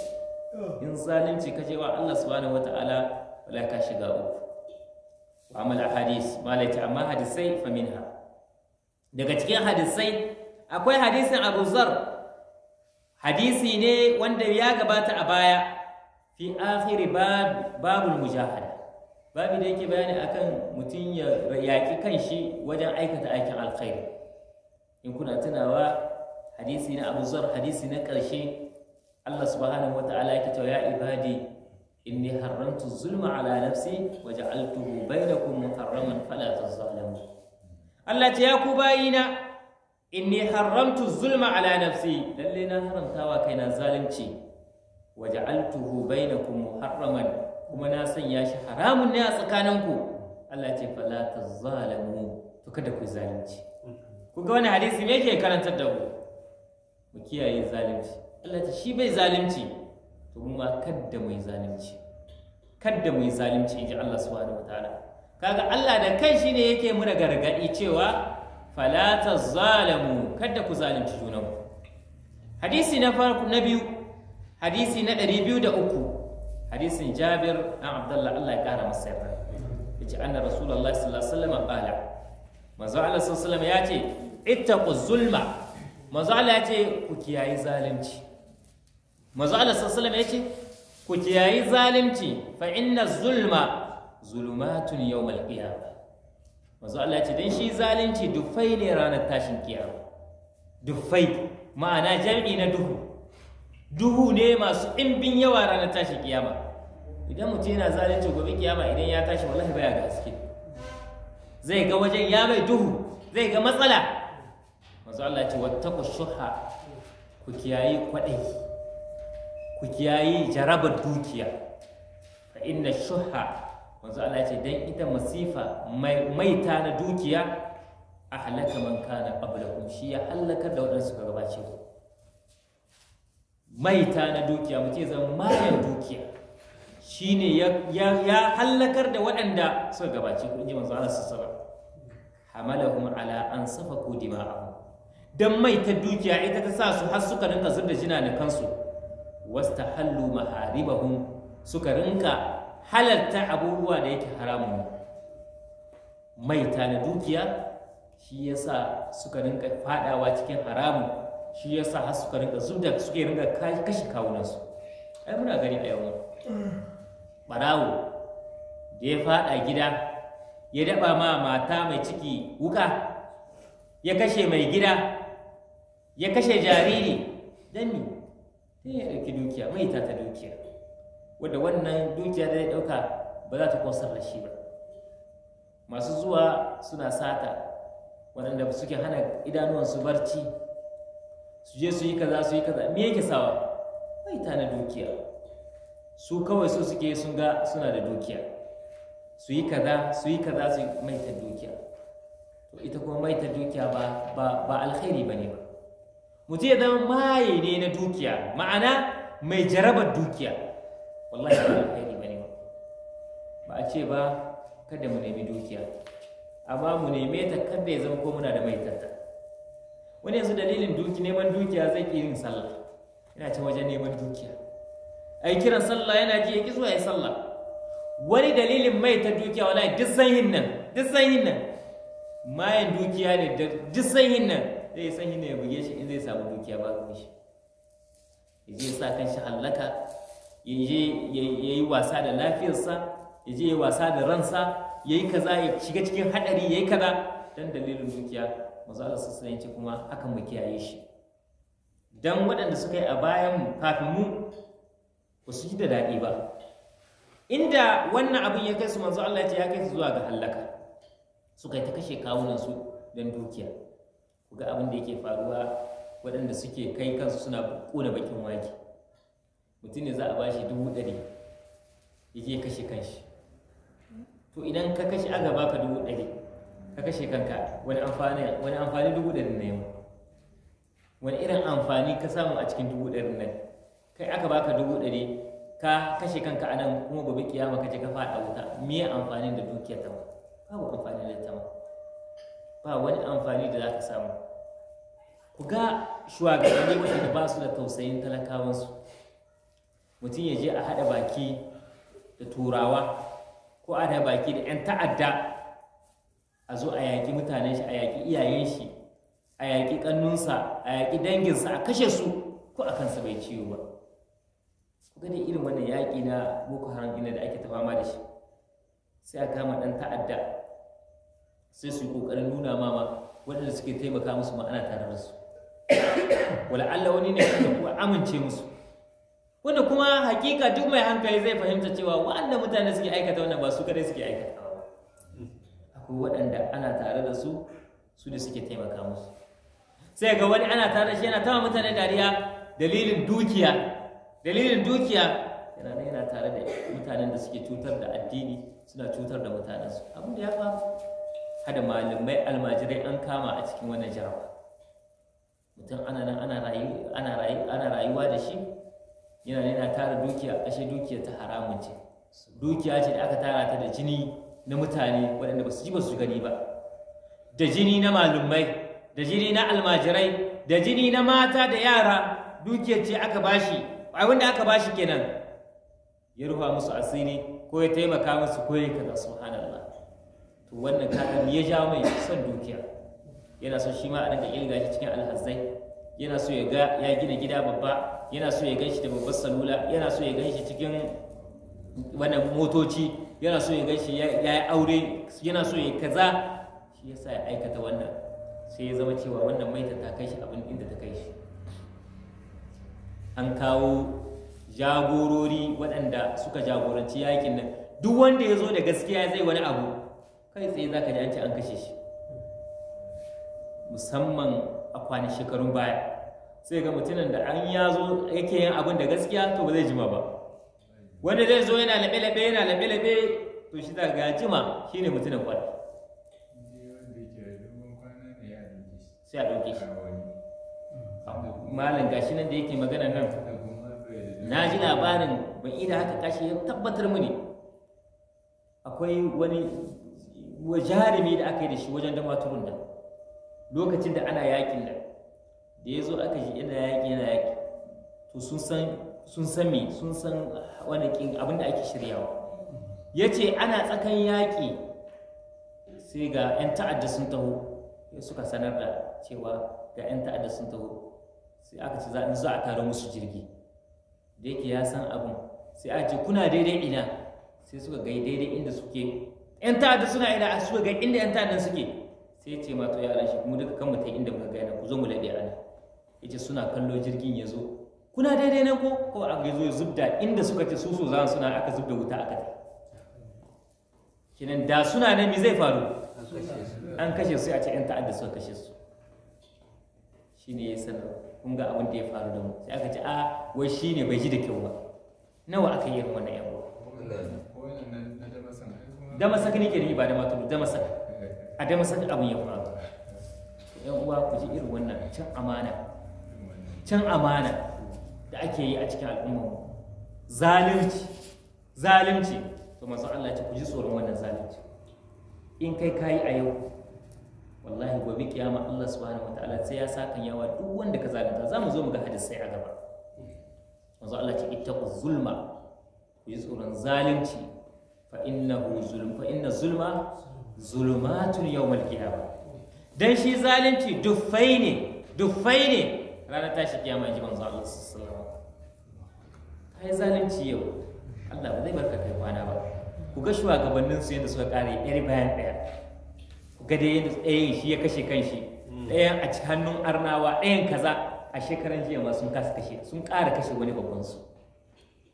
in zalunci ka je wa Allah subhanahu wataala wala ka shiga uku wa amal hadis malai ta amma hadisai fa minha daga cikin hadisai akwai hadisin Abu Zar hadisi ne wanda ya gabata a baya fi akhiri babul mujahada babu da yake bayani akan mutum ya kan kanshi wajen aikata aikin alkhairi in kuna tunawa hadisi na Abu Zar hadisi na ƙarshe Allah subhanahu wata'ala yake cewa ya ibadi inni haramtu zulma ala nafsi wa ja'altuhu bainakum muharraman fala tazalamu Allah ce ya ku bayina inni haramtu zulma ala nafsi lalle na haramtawa kaina zalunci wa ja'altuhu bainakum muharraman kuma na sanya shi haramun ne a tsakaninku Allah ce fala ta zalamu to kada ku zalunci ku ga wani hadisi me yake karantar da ku? mu kiyaye zalunci Allah ta shi bai zalunci to mu ma kadda mu zalunci kadda mu zalunci inji Allah subhanahu wataala kaga Allah da kai shi ne yake mu gargadi cewa fala ta zalamu kada ku zalunci junanku hadisi na farko na biyu hadisi na 203 hadisin jabir an abdullah allah ya kara masa yarda ya ce anna sallallahu alaihi wasallam qala manzo allah sallallahu alaihi ya ce ittaqu zulma manzo allah ya ku kiyayi zalunci manzo allah sallallahu ya ce ku kiyayi zalunci fa inna zulma zulumatun yawmal qiyamah manzo allah ya ce dan shi zalunci dufai ne ranar tashin kiyama dufai ma'ana jam'i na duhu duhu ne masu ɗimbin yawa ranar tashin kiyama idan mutum yana zalunci gobe kiyama idan ya tashi wallahi baya ga haske zai ga wajen ya mai duhu zai ga matsala manzo Allah ce wata ku shuha ku kiyayi kwadai ku kiyayi jarabar dukiya fa inna shuha manzo Allah ce dan ita masifa mai maita na dukiya a halaka man kana qablakum shi ya halaka da waɗansu suka gabace ku maita na dukiya mutum zama mayan dukiya shine ya hallakar da waɗanda suka gabaci ko inji manzo Allah sallallahu hamalahum ala an safaku dima'ahum dan mai ta dukiya ita ta sa su har suka rinka zurda ne kansu wastahallu maharibahum suka rinka halalta abubuwa da yake haramun mai ta na dukiya shi yasa suka rinka fadawa cikin haramun shi yasa har suka rinka zubda suke rinka kashe kawunansu ai muna gani a yau barawo da ya fada gida ya daba ma mata mai ciki wuka ya kashe mai gida ya kashe jariri don mi sai ya ɗauki dukiya mai ta ta dukiya wadda wannan dukiya da ya ɗauka ba za ta kosar da shi ba masu zuwa suna sata waɗanda suke hana idanuwansu barci su je su yi kaza su yi kaza me yake sawa mai ta na dukiya su kawai su suke sun ga suna da dukiya su yi kaza su yi kaza su maita dukiya to ita kuma maita dukiya ba ba ba alkhairi bane ba mutum ya zama maye ne na dukiya ma'ana mai jarabar dukiya wallahi ba alkhairi bane ba ba a ce ba kada mu nemi dukiya amma mu neme ta kada ya zama ko muna da maitarta wani yanzu dalilin duki neman dukiya zai ke yin sallah ina ta wajen neman dukiya a yi kiran sallah yana ji ya ki zuwa ya sallah wani dalilin mai ta dukiya wala duk sanyin nan duk sanyin nan mayan dukiya ne da duk sanyin nan zai sanyin nan ya buge shi in zai samu dukiya ba ku shi ya je sa kan shi hallaka ya je ya yi wasa da lafiyarsa ya je ya wasa da ransa ya yi kaza ya shiga cikin haɗari ya yi kaza don dalilin dukiya mazalar su sun kuma haka mu kiyaye shi dan waɗanda suka yi a bayan mu kafin mu ba su ji da daɗi ba inda wannan abin ya kai su manzo Allah ya kai su zuwa ga hallaka su kai ta kashe kawunan su don dukiya ku ga abin da yake faruwa waɗanda suke kai kansu suna ƙona bakin wake mutum ne za a bashi dubu ɗari ya je kashe kanshi to idan ka kashe aka baka dubu ɗari ka kashe kanka wani amfani dubu ɗari na yau wani irin amfani ka samu a cikin dubu ɗari nan kai aka baka dubu ɗari ka kashe kanka a nan kuma gobe kiyama ka ka faɗa wuta me amfanin da dukiyar ta babu amfani da ta ba wani amfani da za ka samu ku ga shugabanni waɗanda ba su da tausayin talakawansu mutum ya je a haɗa baki da turawa ko a haɗa baki da 'yan ta'adda a zo a yaƙi mutanen shi a yaƙi iyayen shi a yaƙi ƙannunsa a yaƙi danginsa a kashe su ko a kansa bai ciwo ba ganin irin wannan yaƙi na boko haram ɗin da ake ta fama da shi sai a kama ɗan ta'adda sai su yi ƙoƙarin nuna mama waɗanda suke taimaka musu ma ana tare da su wala'alla wani ne wanda kuma amince musu wanda kuma hakika duk mai hankali zai fahimta cewa waɗanda mutane suke aikata wannan ba su kadai suke aikata ba akwai waɗanda ana tare da su su ne suke taimaka musu sai ga wani ana tare da shi yana tama mutane dariya dalilin dukiya dalilin dukiya yana nan yana tare da mutanen da suke cutar da addini suna cutar da mutanensu abin da ya faru hada malamai almajirai an kama a cikin wannan jarabu. mutum ana nan ana rayu ana rayu ana rayuwa da shi yana yana tara dukiya ashe dukiya ta haramun ce dukiya ce da aka tara ta da jini na mutane waɗanda ba su ji ba su gani ba da jini na malumai da jini na almajirai da jini na mata da yara dukiyar ce aka bashi abin da aka bashi kenan ya rufa musu asiri ko ya taimaka musu ko ya kaza subhanallah to wannan kaga ya ja mai son dukiya yana so shi ma a daga ilga shi cikin alhazai. yana so ya ga ya gina gida babba yana so ya ganshi da babbar salula yana so ya ganshi cikin wannan motoci yana so ya ganshi ya yi aure yana so ya kaza shi yasa ya aikata wannan sai ya zama cewa wannan maita ta kai shi abin inda ta kai shi an kawo jagorori waɗanda suka jagoranci yakin nan duk wanda ya zo da gaskiya zai wani abu kai tsaye za ka ji an ce an kashe shi musamman a kwanan shekarun baya sai ga mutumin da an ya zo yake yin abin da gaskiya to ba zai jima ba wanda zai zo yana laɓe-laɓe yana laɓe-laɓe to shi za ga jima shine mutumin kwarai sai a ɗauke shi malam gashi nan da yake magana nan na ji labarin ban ina haka kashi ya tabbatar ne akwai wani jarumi da aka yi da shi wajen dama turun da lokacin da ana yakin nan da ya zo aka shi yana yaki yana yaki to sun san sun san me sun san wani kin abin da ake shiryawa ya ce ana tsakan yaƙi sai ga 'yan ta'adda sun taho suka sanar da cewa ga 'yan ta'adda sun taho sai aka ce za a taro musu jirgi da yake ya san abin sai a ce kuna daidai ina sai suka gai daidai inda suke yan ta'adda suna ina a suka gai, inda yan ta'addan suke sai ce ma to yaran shi kuma duka kan mu inda muka ga ku zo mu laɗe ana ce suna kallo jirgin ya zo kuna daidai nan ko ko a ga zo zubda inda suka ce su za suna aka zubda wuta aka ta kinan da suna nan mi zai faru an kashe su a ce yan ta'adda suka kashe su shine ya sanar kun ga abin da ya faru da mu sai aka ce a ah, wai shine bai ji da kyau ba nawa aka yi irin wannan yan uwa da masaka ne ke da ba da matulu da masaka a da masaka abin ya faru yan uwa ku ji irin wannan can amana can amana da ake yi a cikin al'ummar zalunci zalunci to manzon Allah ya ce ku ji tsoron wannan zalunci in kai kayi a yau wallahi gobe kiyama Allah subhanahu wataala sai ya saka yawa duk wanda ka zalunta zamu zo mu ga hadisai a gaba manzo Allah ce ittaqu zulma ku yi tsoron zalunci fa innahu zulm fa inna zulma zulumatun yawmal qiyama dan shi zalunci dufai ne dufai ne ranar tashi kiyama ji manzo Allah sallallahu alaihi wasallam kai zalunci yau Allah ba zai barka kai kwana ba ku ga shugabannin su yadda suka kare ɗari bayan ɗaya gade yadda ɗayan shi ya kashe kanshi hmm. ɗayan a hannun arnawa ɗayan kaza a shekaran jiya ma sun kasa kashe sun ƙara kashe wani babban su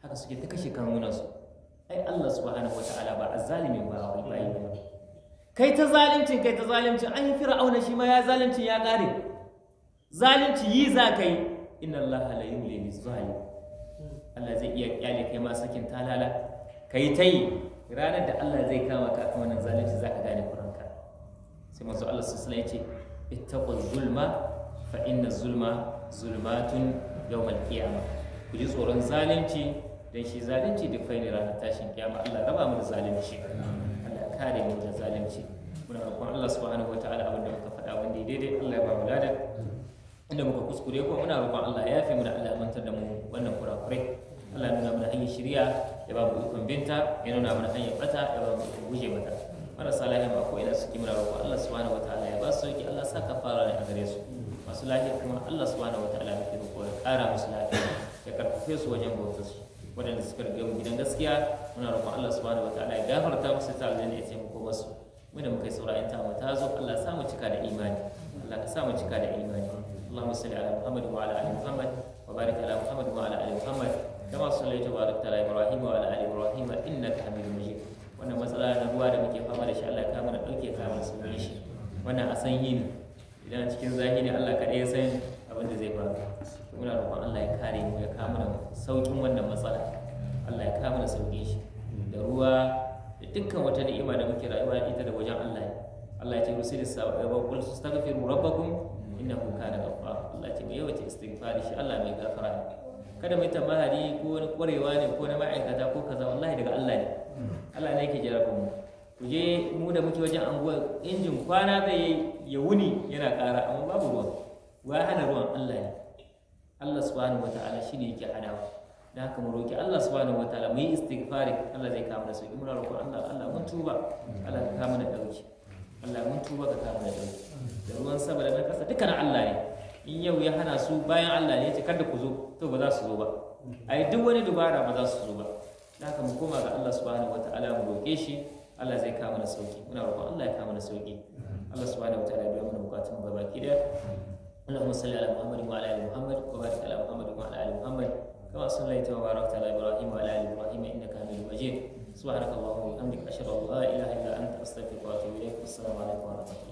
haka suke ta kashe kanunan su ai Allah subhanahu ta'ala ba azzalimin ba wai ba yi. kai ta zaluncin kai ta zaluncin an yi fir'auna shi ma ya zaluncin ya ƙare zalunci yi za ka yi inna Allah la yumli zalim Allah zai iya kyale kai ma sakin talala kai ta yi ranar da Allah zai kama ka wannan zalunci za ka gane ku sai manzo Allah sallallahu alaihi ya ce ittaqul zulma fa inna zulma zulmatun yawmal qiyamah ku ji tsoron zalunci dan shi zalunci duk fa ranar tashin kiyama Allah raba mu da zalunci Allah kare mu da zalunci muna roƙon Allah subhanahu wataala abin da muka faɗa wanda daidai Allah ya ba mu ladan inda muka kuskure ko muna roƙon Allah ya yafe mu da Allah ya mantar da mu wannan kurakurai Allah ya nuna mana hanyar shiriya, ya ba mu ikon binta ya nuna mana hanyar bata ya ba mu ikon guje mata marasa lafiya ba ko ina suke mura roƙo Allah subhanahu wataala ya ba su sauki Allah sa ka fara ne a gare su masu lafiya kuma Allah subhanahu wataala ya kiro ko ya ƙara musu lafiya ya karfafe su wajen bautar su waɗanda suka riga mu gidan gaskiya muna roƙon Allah subhanahu wataala ya gafarta musu ta aljanna ya taimako masu mu da muka yi saurayin ta mu ta zo Allah ya sa mu cika da imani Allah ka sa mu cika da imani اللهم صل على محمد وعلى ال محمد وبارك على محمد وعلى ال محمد كما صليت وباركت على ابراهيم وعلى ال ابراهيم انك حميد مجيد wannan matsala na ruwa da muke fama da shi Allah ya kama da ɗauke kama su yi shi wannan a san yi ne idan cikin zahiri Allah kaɗai ya san abin da zai faru muna roƙon Allah ya kare mu ya kama da saukin wannan matsala Allah ya kama da sauƙin shi da ruwa da dukkan wata ni'ima da muke rayuwa ita da wajen Allah Allah ya ce rusul sababu qul astaghfiru rabbakum innahu kana ghaffar Allah ya ce yawace istighfari shi Allah mai gafara kada mai tabahari ko wani kwarewa ne ko na ma'aikata ko kaza wallahi daga Allah ne Allah ne yake jira kuma ku je mu da muke wajen anguwa injin kwana zai ya wuni yana ƙara amma babu ruwa wa hana ruwan Allah ne Allah subhanahu wataala shine yake hadawa da haka mu roki Allah subhanahu wataala mu yi istighfari Allah zai kama da su imra roƙon Allah Allah mun tuba Allah ka kama da dauki Allah mun tuba ka kama da dauki da ruwan sama da na kasa dukkan Allah ne in yau ya hana su bayan Allah ne ya ce kada ku zo to ba za su zo ba ai duk wani dubara ba za su zo ba haka mu koma ga Allah subhanahu wata'ala mu roƙe shi Allah zai kama na sauki muna roƙon Allah ya kama na sauki Allah subhanahu wata'ala ya biya mana bukatun mu baki daya Allahumma salli ala Muhammad wa ala ali Muhammad wa wa ala ali Muhammad kama sallaita wa barakta ala Ibrahim wa ala ali Ibrahim innaka Hamidu Majid subhanakallahumma wa bihamdika ashhadu an la ilaha illa anta astaghfiruka wa atubu ilaik assalamu alaikum wa rahmatullahi